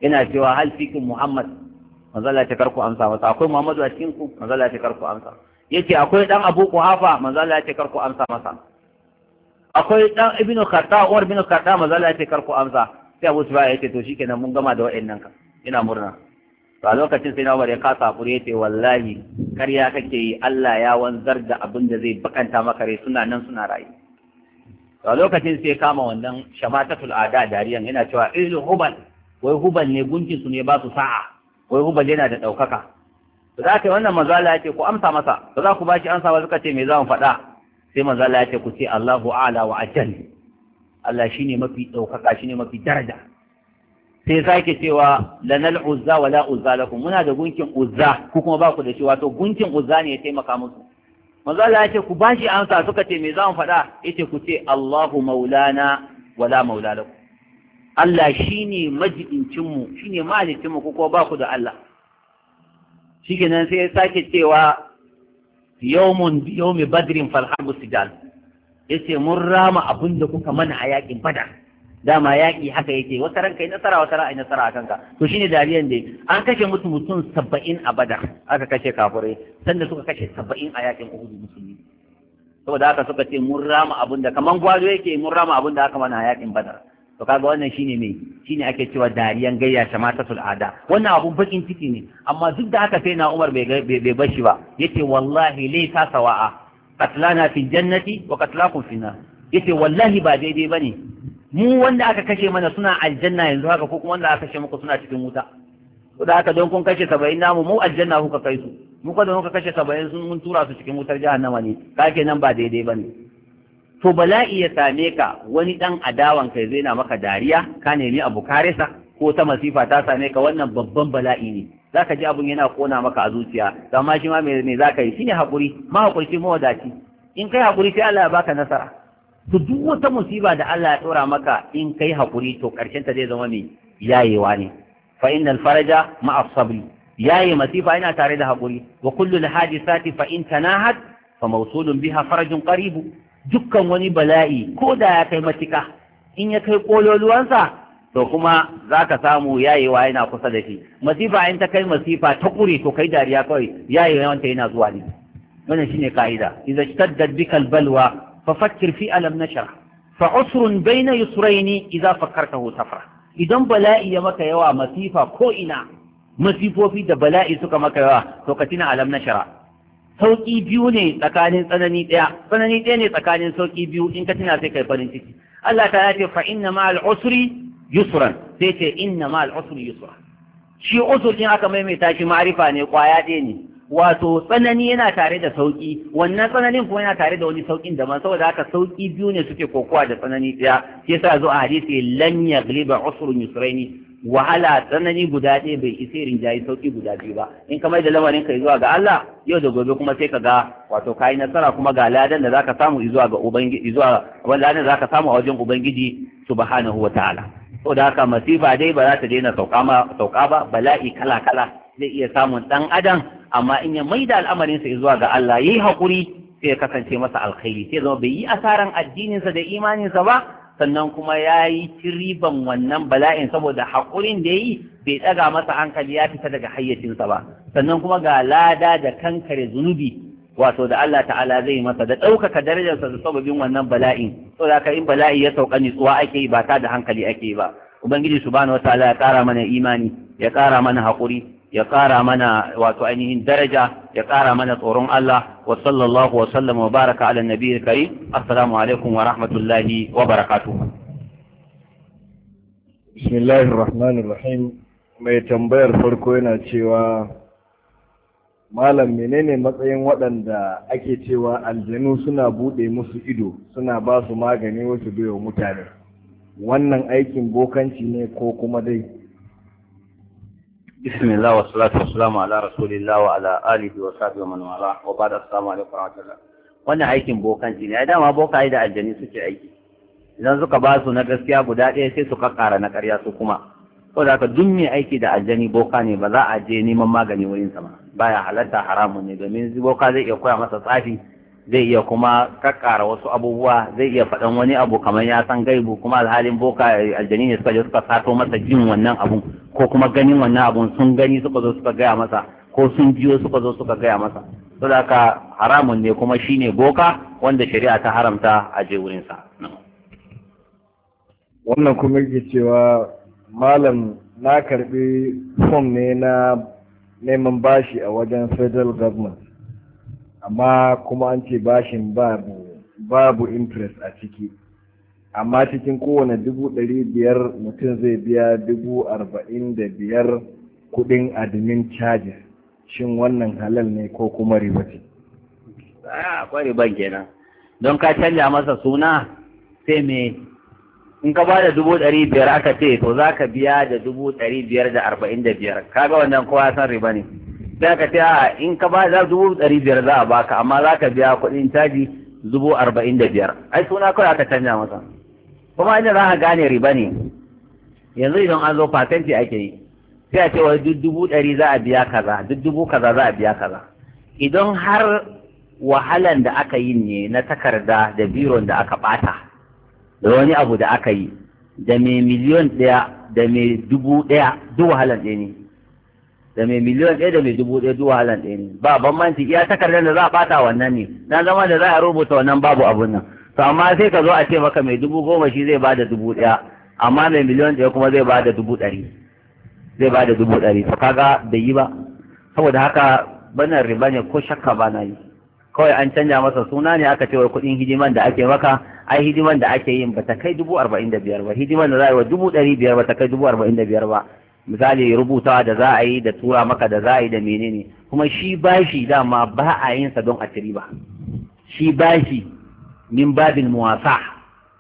yana cewa hal fikin muhammad manzala ta karku amsa masa akwai muhammadu a cikin ku manzala ta karku amsa yace akwai dan abu kuhafa manzala ta karku amsa masa akwai dan ibnu khatta umar ibnu khatta manzala ta karku amsa sai abu sufiyan yace to shikenan mun gama da wa'annan ka ina murna to a lokacin sai na umar ya kasa ya ce wallahi karya kake yi Allah ya wanzar da abin da zai bakanta maka rai suna nan suna rayu a lokacin sai kama wannan shamatatul ada dariyan yana cewa ilu eh, hubal wai hubal ne gunkin su ne ba su sa'a wai hubal yana da daukaka to za ka yi wannan mazala yake ku amsa masa ba za ku shi amsa ba suka ce me za mu faɗa sai mazala yake ku ce Allahu a'la wa ajal Allah shine mafi daukaka shine mafi daraja sai sake cewa lanal uzza wala uzza lakum muna da gunkin uzza ku kuma ba ku da shi wato gunkin uzza ne ya taimaka musu manzo Allah ya ce ku bashi amsa suka ce me za mu faɗa yace ku ce Allahu maulana wala maula lakum Allah shine majidincin mu shine malikin mu ko ba ku da Allah shikenan sai ya sake cewa yawmun yawmi badrin fal harbu sijal yace mun rama abinda kuka mana a yakin badar dama yaƙi haka yake wata ran kai nasara wata ran ai nasara a kanka to shine dariyan dai an kashe mutum mutum saba'in a badar aka kashe kafirai sannan suka kashe saba'in a yaƙin uhud musulmi saboda haka suka ce mun rama abin da kaman gwado yake mun rama abin da aka mana a yaƙin badar to kaga wannan shine me shine ake cewa dariyan gayya sul ada wannan abun bakin ciki ne amma duk da haka sai na Umar bai bai bashi ba yace wallahi laysa sawa'a qatlana fi jannati wa qatlakum fina yace wallahi ba daidai bane mu wanda aka kashe mana suna aljanna yanzu haka ko kuma wanda aka kashe muku suna cikin wuta ko da haka don kun kashe saba'in namu mu aljanna kuka kai su mu don muka kashe saba'in sun mun tura su cikin wutar jahannama ne ka ke nan ba daidai ba ne to bala'i ya same ka wani dan adawan kai zai na maka dariya ka nemi abu karesa ko ta masifa ta same ka wannan babban bala'i ne zaka ji abun yana kona maka a zuciya amma shi ma me zaka yi shine hakuri ma hakuri mawadaci in kai hakuri sai Allah ya baka nasara to duk wata musiba da Allah ya dora maka in kai hakuri to karshen ta zai zama mai yayewa ne fa innal faraja ma'a sabri yaye masifa yana tare da hakuri wa kullu al hadisati fa in tanahat fa mawsulun biha farajun qaribu dukkan wani bala'i ko da ya kai matika in ya kai kololuwansa to kuma za ka samu yayewa yana kusa da shi masifa in ta kai masifa ta kure to kai dariya kawai yayewa wanta yana zuwa ne wannan shine ka'ida idza shaddat bikal balwa fafakkir fi alam nashar fa usrun baina yusraini idza fakkartahu safra idan bala'i ya maka yawa masifa ko ina masifofi da bala'i suka maka yawa to ka tina alam nashara sauki biyu ne tsakanin tsanani ɗaya. tsanani daya ne tsakanin sauki biyu in ka tina sai kai farin ciki Allah ta ya ce fa inna ma al usri yusran sai ce inna ma al usri yusra shi usur din aka maimaita shi maarifa ne kwaya ɗaya ne wato tsanani yana tare da sauki wannan tsananin kuma yana tare da wani saukin daban saboda haka sauki biyu ne suke kokowa da tsanani ɗaya shi yasa zo a hadisi lan yaghliba usrun yusraini wahala tsanani guda ɗaya bai isa rinjayi sauki guda biyu ba in ka da lamarin ka zuwa ga Allah yau da gobe kuma sai ka ga wato kai nasara kuma ga ladan da zaka samu zuwa ga ubangiji zuwa ladan da zaka samu a wajen ubangiji subhanahu wataala saboda haka masifa dai ba za ta daina sauka ba bala'i kala kala zai iya samun ɗan adam amma in ya maida al'amarinsa zuwa ga Allah ya yi hakuri sai ya kasance masa alkhairi sai zama bai yi asaran addininsa da imaninsa ba sannan kuma ya yi riban wannan bala'in saboda haƙurin da ya yi bai ɗaga masa hankali ya fita daga hayyacinsa ba sannan kuma ga lada da kankare zunubi wato da Allah ta'ala zai masa da ɗaukaka darajarsa da sababin wannan bala'in so da in bala'i ya sauka nutsuwa ake yi ba ta da hankali ake yi ba ubangiji subhanahu wataala ya ƙara mana imani ya ƙara mana haƙuri ya ƙara mana wato ainihin daraja ya ƙara mana tsoron Allah wa sallallahu wa sallam wa baraka ala nabi karim assalamu alaikum wa rahmatullahi wa barakatuh bismillahir rahmanir rahim mai tambayar farko yana cewa malam menene matsayin waɗanda ake cewa aljanu suna buɗe musu ido suna ba su magani wasu biyo mutane wannan aikin bokanci ne ko kuma dai بسم الله والصلاة والسلام على رسول الله وعلى آله وصحبه ومن والاه وبعد السلام عليكم ورحمة الله wannan aikin bokanci ne ai dama bokaye da aljani suke aiki idan suka ba su na gaskiya guda ɗaya sai su kakkara na ƙarya su kuma saboda haka duk mai aiki da aljani boka ne ba za a je neman magani wurin sa ba baya halarta haramun ne domin boka zai iya koya masa tsafi zai iya kuma kakkara wasu abubuwa zai iya faɗan wani abu kamar ya san gaibu kuma alhalin boka aljani ne suka je suka sato masa jin wannan abun ko kuma ganin wannan abun sun gani suka zo suka gaya masa ko sun jiyo suka zo suka gaya masa saboda haka haramun ne kuma shine boka wanda shari'a ta haramta a je wurin sa wannan kuma yake cewa malam na karbi fom ne na neman bashi a wajen federal government amma kuma an ce bashin babu babu interest a ciki amma cikin kowane dubu ɗari biyar mutum zai biya dubu arba'in da biyar kuɗin admin charges shin wannan halal ne ko kuma riba ce ah, akwai riban kenan don ka canja masa suna sai me in ka ba da dubu ɗari biyar aka ce to za ka biya da dubu ɗari biyar da arba'in da biyar kaga wannan kowa san riba ne da ka ce a in ka ba za dubu ɗari biyar za a baka amma za ka biya kuɗin caji dubu arba'in da biyar ai suna kawai aka canja masa kuma inda za ka gane riba ne yanzu idan an zo patenti ake yi sai a ce wa duk dubu ɗari za a biya kaza duk dubu kaza za a biya kaza idan har wahalan da aka yi ne na takarda da biron da aka bata da wani abu da aka yi da mai miliyon ɗaya da mai dubu ɗaya duk wahalan ɗaya ne da mai miliyan ɗaya da mai dubu ɗaya duk wahalan ɗaya ne ba ban bambanci iya takardar da za a ɓata wannan ne na zama da za a rubuta wannan babu abun nan to amma sai ka zo a ce maka mai dubu goma shi zai bada dubu ɗaya amma mai miliyan ɗaya kuma zai bada dubu ɗari zai bada dubu ɗari to kaga bai yi ba saboda haka bana riba ne ko shakka ba na yi kawai an canja masa suna ne aka ce wai kuɗin hidiman da ake maka ai hidiman da ake yin ba ta kai dubu arba'in da biyar ba hidiman da za a yi wa dubu ɗari biyar ba ta kai dubu arba'in da biyar ba misali rubutawa da za a yi da tura maka da za a yi da menene kuma shi bashi dama ba a yin sa don a ci ba. shi bashi min babin muwasa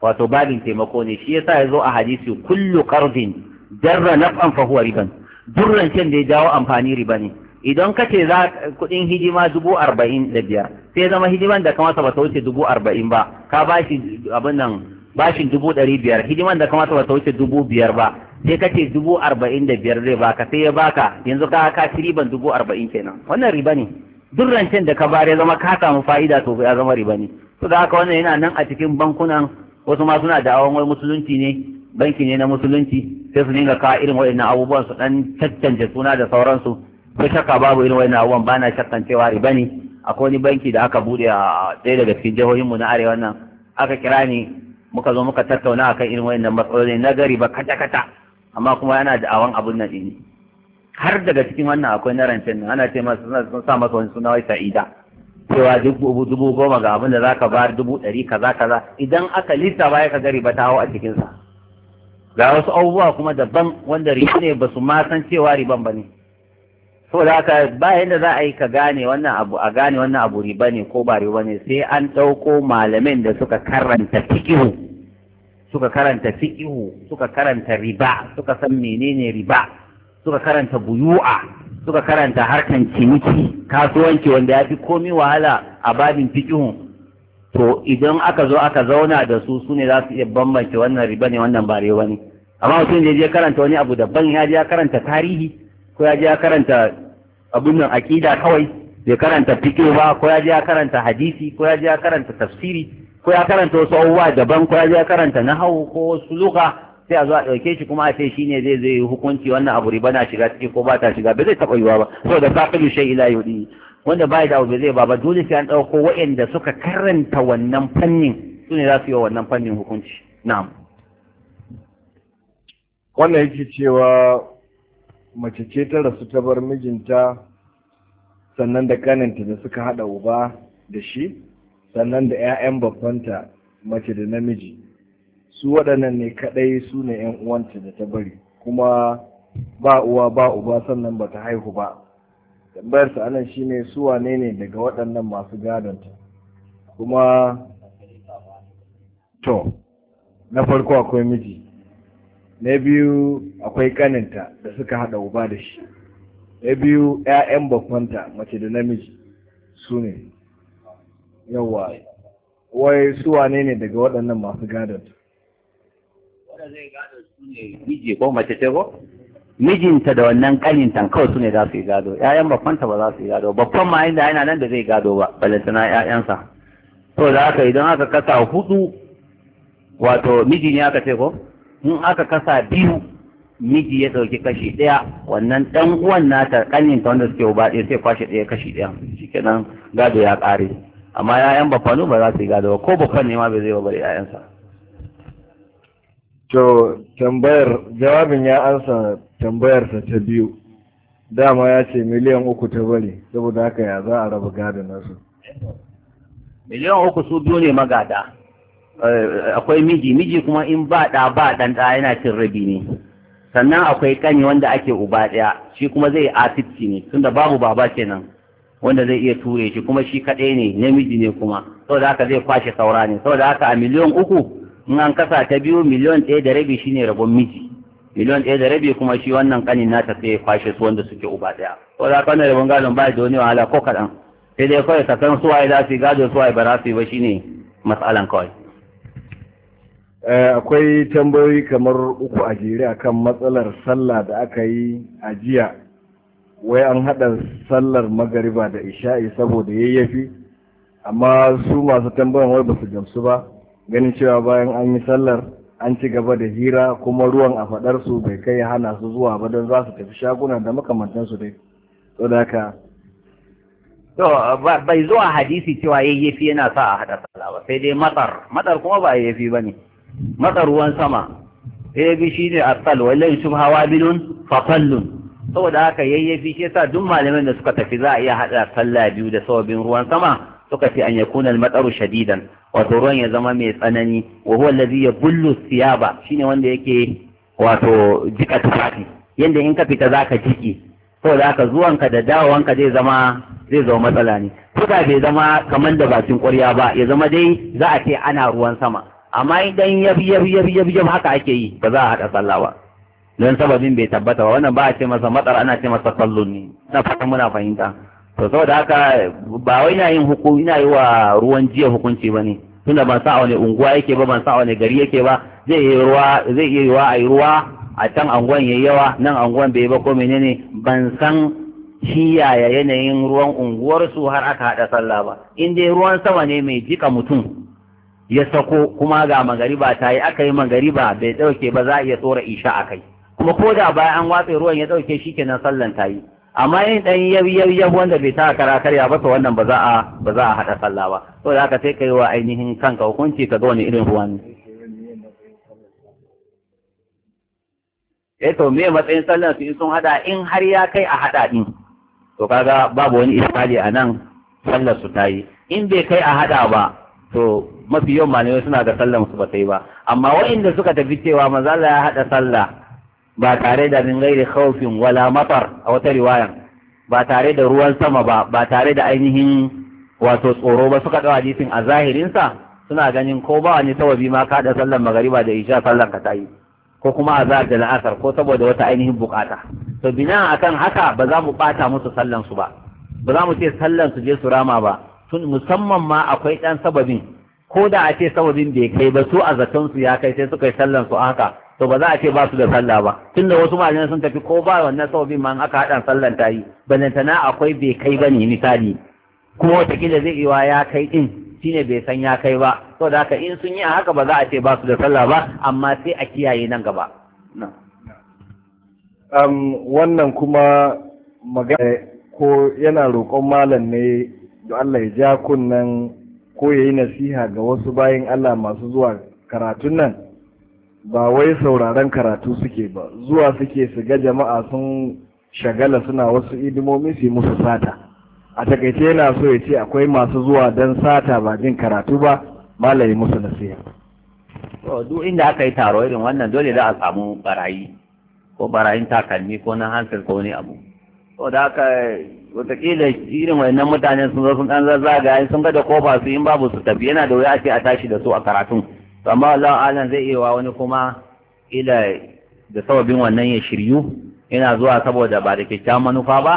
wato babin taimako ne shi yasa ya zo a hadisi kullu qardin jarra naf'an fa huwa riban durran can da ya jawo amfani riba ne idan ka ce za kudin hidima dubu arba'in da biyar sai zama hidiman da kamata ba ta wuce dubu arba'in ba ka bashi abin nan bashin dubu ɗari biyar hidiman da kamata ba ta wuce dubu biyar ba sai ka ce dubu arba'in da biyar zai baka sai ya baka yanzu ka ka ci riban dubu arba'in kenan wannan riba ne duk rancen da ka bayar ya zama ka samu fa'ida to ya zama riba ne to da haka wannan yana nan a cikin bankunan wasu ma suna da awon wai musulunci ne banki ne na musulunci sai su dinga kawo irin waɗannan abubuwan su dan cancanta suna da sauransu ko shakka babu irin na abubuwan ba shakkan cewa riba ne akwai wani banki da aka bude a ɗaya daga cikin jihohinmu na arewa nan aka kira ni muka zo muka tattauna akan irin waɗannan matsaloli na gari ba kata kata amma kuma yana da awan abun nan ne har daga cikin wannan akwai na rancen nan ana ce masa sun sa masa wani suna wai sa'ida cewa dubu dubu goma ga abin da za ka bayar dubu ɗari kaza kaza idan aka lissa baya ka gari ba ta hau a cikinsa ga wasu abubuwa kuma daban wanda riba ne ba su ma san cewa riban ba ne saboda haka ba yadda za a yi ka gane wannan abu a gane wannan abu riba ne ko ba riba ne sai an ɗauko malamin da suka karanta fikihu suka karanta fiqhu suka karanta riba suka san menene riba suka karanta buyu'a suka karanta harkan ciniki kasuwanci wanda ya fi komi wahala a babin fiqhu to idan aka zo aka zauna da su su ne za su iya bambance wannan riba ne wannan ba riba ne amma mutum da je karanta wani abu daban ya je ya karanta tarihi ko ya je ya karanta abun nan akida kawai bai karanta fiqh ba ko ya je ya karanta hadisi ko ya je ya karanta tafsiri ko ya karanta wasu abubuwa daban ko ya je karanta na hau ko wasu luka sai a zo a ɗauke shi kuma a ce shi ne zai zai hukunci wannan abu riba na shiga ciki ko ba ta shiga ba zai taɓa yiwa ba saboda saqilu shi ila yudi wanda ya da abu zai ba ba dole sai an ɗauko waɗanda suka karanta wannan fannin su ne za su yi wa wannan fannin hukunci na'am wannan yake cewa mace ce ta rasu ta bar mijinta sannan da kaninta da suka haɗa uba da shi sannan da 'ya'yan babbanta mace da namiji su waɗannan ne kaɗai su ne 'yan uwanta da ta bari kuma ba uwa ba uba sannan ba ta haihu ba tambayar sa anan shine su wane ne daga waɗannan masu gadonta kuma to na farko akwai miji na biyu akwai kaninta da suka haɗa uba da shi na biyu 'ya'yan babbanta mace da namiji su ne yawa wai su wane ne daga waɗannan masu gadon wanda zai gado su ne miji ko mace ce ko mijinta da wannan kanintan kawai su ne za su yi gado ƴaƴan babbanta ba za su yi gado babban ma inda yana nan da zai gado ba suna ƴaƴansa to da aka idan aka kasa hudu wato miji ne aka ce ko in aka kasa biyu miji ya dauki kashi ɗaya wannan ɗan uwan nata ta wanda suke ba ɗaya sai kwashe ɗaya kashi ɗaya shikenan gado ya ƙare amma yayan bafanu ba za su yi gado ba ko bafan ne ma bai zai babare yayansa to tambayar jawabin ya ansa tambayar ta ta biyu dama ya ce miliyan uku ta bari saboda haka ya za a raba gadon nasu miliyan uku su biyu ne magada eh, akwai miji miji kuma in ba ɗa ba ɗan da yana cin rabi ne sannan akwai kani wanda ake uba daya shi kuma zai asibiti ne tunda babu baba kenan wanda zai iya ture shi kuma shi kaɗai ne namiji ne kuma saboda haka zai kwashe saura ne saboda haka a miliyon uku in an kasa ta biyu miliyon ɗaya da rabi shi ne rabon miji miliyon ɗaya da rabi kuma shi wannan kanin nata sai kwashe su wanda suke uba ɗaya saboda haka wannan rabon gadon ba da wani wahala ko kaɗan sai dai kawai ka san suwaye za su yi gado suwaye ba za su yi ba shi ne matsalan kawai. Eh, akwai tambayoyi kamar uku a jere akan matsalar sallah da aka yi a jiya wai an haɗa sallar magariba da isha'i saboda yayyafi amma su masu tambayan wai ba su gamsu ba ganin cewa bayan an yi sallar an ci gaba da hira kuma ruwan a faɗar su bai kai hana su zuwa ba don za su tafi shaguna da makamantansu dai to da haka to bai zuwa hadisi cewa yayyafi yana sa a haɗa sallah ba sai dai matsar matsar kuma ba yayyafi ba ne matsar ruwan sama yayyafi shine asal wallahi shubha wabilun fafallun saboda haka yayyafi shi yasa duk malamin da suka tafi za a iya haɗa sallah biyu da sababin ruwan sama suka fi an yakuna al-mataru shadidan wato ruwan ya zama mai tsanani wa huwa alladhi yabullu siyaba shine wanda yake wato jika tufafi yanda in ka fita zaka jiki saboda haka zuwanka da ka zai zama zai zama matsala ne kuka bai zama kamar da bakin ƙwarya ba ya zama dai za a ce ana ruwan sama amma idan yabi yabi yabi yabi haka ake yi ba za a haɗa sallah ba don sababin bai tabbata ba wannan ba a ce masa matsar ana ce masa kallon ne na fata muna fahimta to saboda haka ba wai ina yin hukumi ina yi wa ruwan jiya hukunci ba ne tunda ban sa a wani unguwa yake ba ban sa wani gari yake ba zai iya ruwa zai iya yiwa a yi ruwa a can anguwan yayi yawa nan anguwan bai ba ko menene ban san kiyaya yanayin ruwan unguwarsu har aka haɗa sallah ba in dai ruwan sama ne mai jika mutum ya sako kuma ga magariba ta yi aka yi magariba bai ɗauke ba za a iya tsora isha a kai kuma ko da bayan an watsa ruwan ya dauke shi kenan sallan ta yi amma yin ɗan yayyayyan wanda bai ta kara karya ba to wannan ba za a ba za a hada sallah ba to da aka sai kai ainihin kanka hukunci ka ga wani irin ruwan eh to me matsayin sallan su in sun hada in har ya kai a haɗa din to kaga babu wani iskali a nan sallar su ta yi in bai kai a haɗa ba to mafi yawan malamai suna ga sallar su ba ta yi ba amma waɗanda suka tafi cewa manzala ya haɗa sallah ba tare da min gairi khawfin wala matar a wata riwaya ba tare da ruwan sama ba ba tare da ainihin wato tsoro ba suka ɗau hadisin a zahirinsa suna ganin ko ba wani sababi ma ka da sallan magariba da isha sallar ka tayi ko kuma a zahar da la'asar ko saboda wata ainihin bukata to bina akan haka ba za mu bata musu sallan su ba ba za mu ce sallan su je su rama ba tun musamman ma akwai ɗan sababin ko da a ce sababin bai kai ba su a zaton su ya kai sai suka yi sallan su haka to ba za a ce ba su da sallah ba tunda wasu malamai sun tafi ko ba wannan sababin ma aka haɗa sallan tayi yi na akwai bai kai ba ne misali kuma kila zai iya ya kai din shine bai san ya kai ba to da haka in sun yi haka ba za a ce ba su da sallah ba amma sai a kiyaye nan gaba wannan kuma magana ko yana roƙon malam ne da Allah ya ja kunnan ko yayi nasiha ga wasu bayin Allah masu zuwa karatun nan ba wai sauraron karatu suke ba zuwa suke su ga jama'a sun shagala suna wasu idimomi su yi musu sata a takaice yana so ya ce akwai masu zuwa don sata ba jin karatu ba malayi musu nasiha to duk inda aka yi taro irin wannan dole za a samu barayi ko barayin takalmi ko na hansar ko wani abu to da aka wataƙila irin wayannan mutanen sun zo sun ɗan zazzaga sun ga da kofa su in babu su tafi yana da wuya a ce a tashi da su a karatun amma Allah alam zai iya wani kuma ila da sababin wannan ya shiryu yana zuwa saboda ba da kyakkyawan manufa ba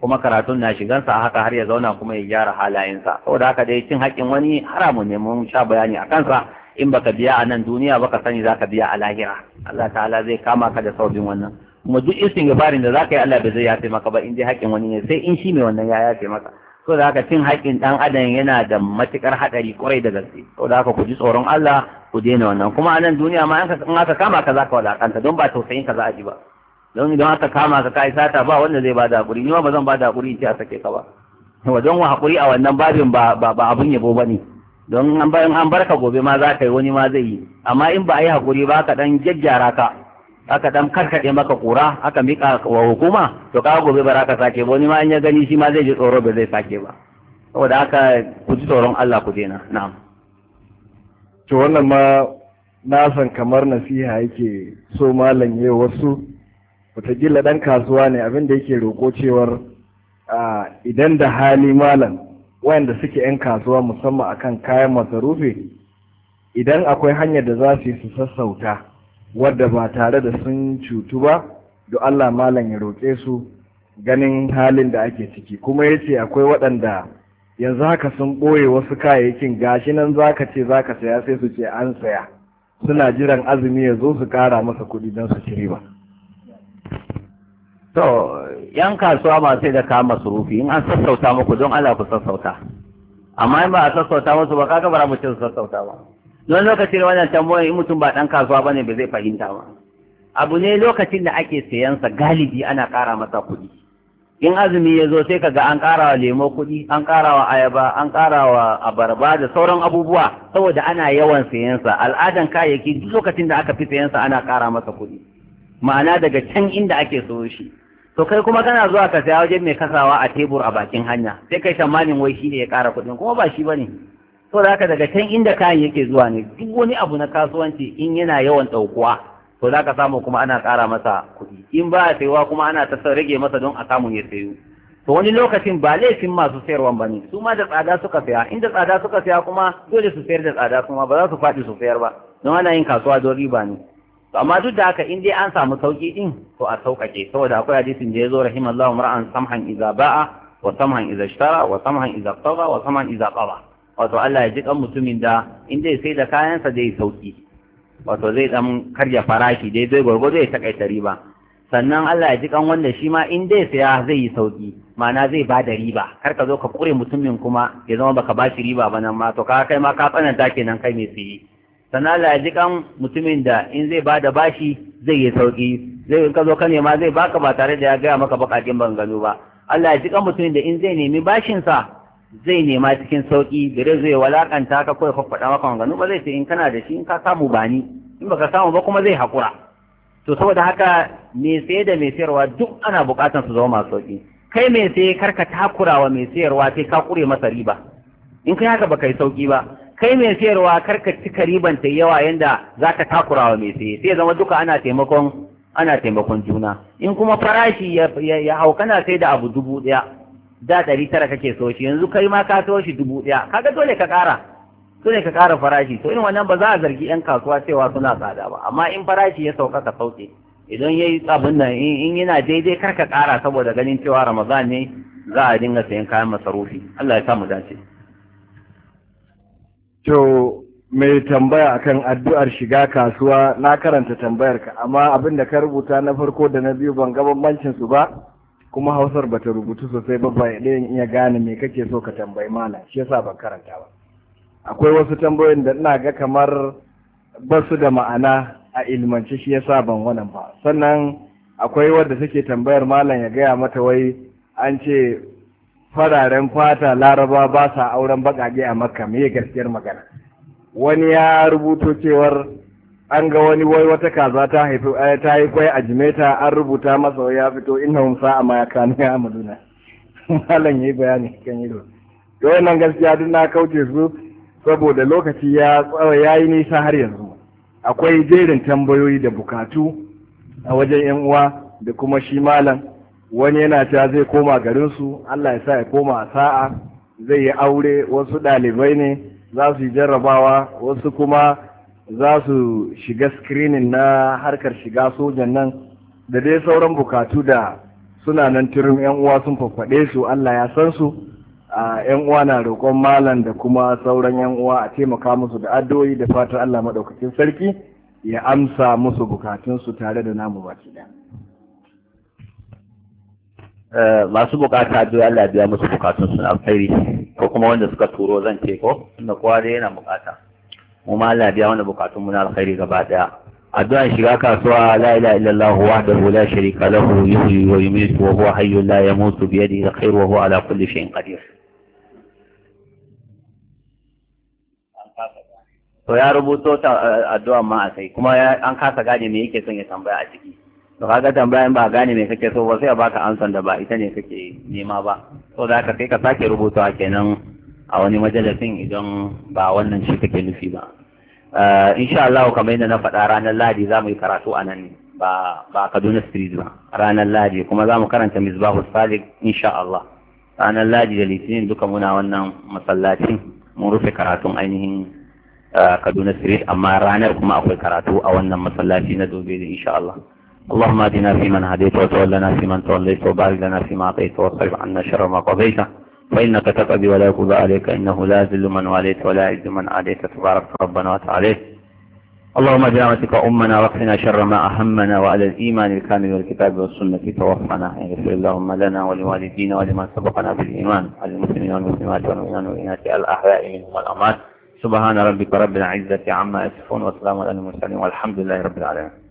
kuma karatun na shigansa haka har ya zauna kuma ya gyara halayensa saboda haka dai cin haƙƙin wani haramun ne mun sha bayani a kansa in baka biya a nan duniya baka sani zaka biya a lahira Allah ta'ala zai kama ka da sababin wannan kuma duk istighfarin da zaka yi Allah bai zai yafe maka ba in dai haƙƙin wani ne sai in shi mai wannan ya yafe maka so da haka cin haƙƙin ɗan adam yana da matuƙar haɗari ƙwarai da gaske so da haka ku ji tsoron Allah ku daina wannan kuma a nan duniya ma in aka kama ka za ka wadaƙanta don ba tausayin ka za a ji ba don idan aka kama ka kai sata ba wanda zai bada hakuri haƙuri ni ma ba zan bada hakuri in ce a sake ka ba wa don wa haƙuri a wannan babin ba ba abun yabo ba ne don an bayan an barka gobe ma za ka yi wani ma zai yi amma in ba a yi haƙuri ba ka ɗan jajjara ka aka dan karkade maka kura aka mika wa hukuma to ka gobe ba ka sake ba wani ma an ya gani shi ma zai ji tsoro ba zai sake ba saboda haka ku ji tsoron Allah ku daina na'am to wannan ma na san kamar nasiha yake so malam yayi wasu wataƙila dan kasuwa ne abin da yake roƙo cewar idan da hali malam wayanda suke 'yan kasuwa musamman akan kayan masarufi idan akwai hanyar da za su yi su sassauta wadda ba tare da sun cutu ba da Allah malam ya roƙe su ganin halin da ake ciki kuma ya ce akwai waɗanda yanzu haka sun ɓoye wasu kayayyakin gashi nan za ka ce za ka saya sai su ce an saya suna jiran azumi ya zo su ƙara masa kuɗi don su ci riba. to yan kasuwa masu sai da kayan rufi, in an sassauta muku don Allah ku sassauta amma in ba a sassauta musu ba ka bara mutum su sassauta ba don lokacin wannan tambayoyin in mutum ba ɗan kasuwa ba ne ba zai fahimta ba abu ne lokacin da ake sayansa galibi ana ƙara masa kuɗi in azumi ya zo sai kaga an ƙara wa lemo kuɗi an ƙara wa ayaba an ƙara wa abarba da sauran abubuwa saboda ana yawan sayansa al'adan kayayyaki duk lokacin da aka fi sayansa ana ƙara masa kuɗi ma'ana daga can inda ake so shi to kai kuma kana zuwa ka saya wajen mai kasawa a tebur a bakin hanya sai kai tamanin wai shi ne ya ƙara kuɗin kuma ba shi ba ne to da ka daga can inda kayan yake zuwa ne duk wani abu na kasuwanci in yana yawan ɗaukuwa to za ka samu kuma ana ƙara masa kuɗi in ba a saiwa kuma ana ta rage masa don a samu ya sayu to wani lokacin ba laifin masu sayarwan ba ne su ma da tsada suka saya inda tsada suka saya kuma dole su sayar da tsada kuma ba za su faɗi su sayar ba don ana yin kasuwa don riba ne to amma duk da haka in dai an samu sauki din to a sauƙaƙe saboda akwai hadisin da ya zo rahimallahu mar'an samhan iza ba'a wa samhan iza ishtara wa samhan iza qada wa samhan iza qada wato Allah ya ji kan mutumin da in dai sai da kayansa zai sauki wato zai dan karya farashi dai zai gwargwado ya takaita riba sannan Allah ya ji kan wanda shi ma in dai saya zai yi sauki ma'ana zai ba da riba kar ka zo ka kure mutumin kuma ya zama baka ba shi riba ba nan ma to ka kai ma ka tsananta kenan kai mai siyi sannan Allah ya ji kan mutumin da in zai ba da bashi zai yi sauki zai in ka zo ka nema zai baka ba tare da ya gaya maka bakakin bangano ba Allah ya ji kan mutumin da in zai nemi bashinsa zai nema cikin sauki gare zai walakanta ka kawai faffaɗa maka maganu ba zai ce in kana da shi in ka samu ba ni in baka samu ba kuma zai haƙura to saboda haka mai saye da mai sayarwa duk ana buƙatar su zama masu sauki kai mai saye kar ka takura wa mai sayarwa sai ka ƙure masa riba in kai haka baka yi sauki ba kai mai sayarwa kar ka cika riban ta yawa yanda za ka takura wa mai saye sai zama duka ana taimakon ana taimakon juna in kuma farashi ya hau kana sai da abu dubu ɗaya da ɗari tara kake so shi yanzu kai ma ka so shi dubu ɗaya kaga dole ka ƙara dole ka ƙara farashi to in wannan ba za a zargi ƴan kasuwa cewa suna tsada ba amma in farashi ya sauka ka sauke idan ya yi abin nan in yana daidai kar ka ƙara saboda ganin cewa ramadan ne za a dinga sayan kayan masarufi Allah ya sa mu dace to mai tambaya akan addu'ar shiga kasuwa na karanta tambayar ka amma abin da ka rubuta na farko da na biyu ban ga bambancin su ba kuma hausar bata rubutu sosai ba ba ɗayan iya gane me kake so ka tambayi malam shi yasa ban karanta ba akwai wasu tambayoyin da ina ga kamar ba su da ma'ana a ilmance shi yasa ban wannan ba sannan akwai wadda take tambayar malam ya gaya mata wai an ce fararen fata laraba ba sa auren baƙaƙe a makka me gaskiyar magana wani ya rubuto cewar an ga wani wai wata kaza ta haifi eh, ta yi kwai a jimeta an rubuta masa ya fito inna hum sa'a ma yakanu ya amaluna malam yayi bayani kan yi to wannan gaskiya duk na kauce su saboda lokaci ya eh, ya yayi nisa har yanzu akwai jerin tambayoyi da bukatu a wajen yan uwa da kuma shi malam wani yana cewa zai koma garin su Allah ya sa ya koma a sa'a zai yi aure wasu ɗalibai ne za su yi jarrabawa wasu kuma za su shiga screening na harkar shiga sojan nan da dai sauran bukatu da suna nan turin 'yan uwa sun faɗe su Allah ya san su a 'yan uwa na roƙon malam da kuma sauran 'yan uwa a taimaka musu da addu'o'i da fatan Allah maɗaukacin sarki ya amsa musu su tare da namu baki ɗaya. Eh, masu bukata biyu Allah biya musu su na alkhairi ko kuma wanda suka turo zan ce ko na kowa yana bukata mu ma Allah biya wani bukatun mu na alkhairi gaba daya addu'a shiga kasuwa la ilaha illallah wahdahu la sharika lahu yuhyi wa yumiitu wa huwa hayyun la yamutu bi yadihi alkhair wa huwa ala kulli shay'in qadir to ya rubuto ta eh, addu'a ma a sai kuma an kasa gane me yake son ya tambaya a ciki to kaga tambayan ba gane me kake so ba sai a baka ansan da ba ita ne kake nema ba to da ka kai ka sake rubutawa kenan a wani majalisin idan ba wannan shi kake nufi ba eh, insha Allah kamar yadda na faɗa ranar Ladi za mu yi karatu a nan ba ba Kaduna Street ba ranar Ladi kuma za mu karanta Misbahu Salik insha Allah ranar Ladi da Litinin duka muna wannan masallacin mun rufe karatun ainihin eh, Kaduna Street amma ranar kuma akwai karatu a wannan masallaci na Dobe insha Allah اللهم اهدنا فيمن هديت وتولنا فيمن توليت وبارك لنا فيما اعطيت واصرف عنا شر ما قضيت فإنك تقضي ولا يقضى عليك إنه لا ذل من واليت ولا عز من عليك تبارك ربنا وتعالى اللهم برحمتك أمنا وقفنا شر ما أهمنا وعلى الإيمان الكامل والكتاب والسنة توفنا يغفر اللهم لنا ولوالدينا ولمن سبقنا بالإيمان على المسلمين والمسلمات والمؤمنين والمؤمنات الأحياء منهم والأموات سبحان ربك رب العزة عما يصفون وسلام على المرسلين والحمد لله رب العالمين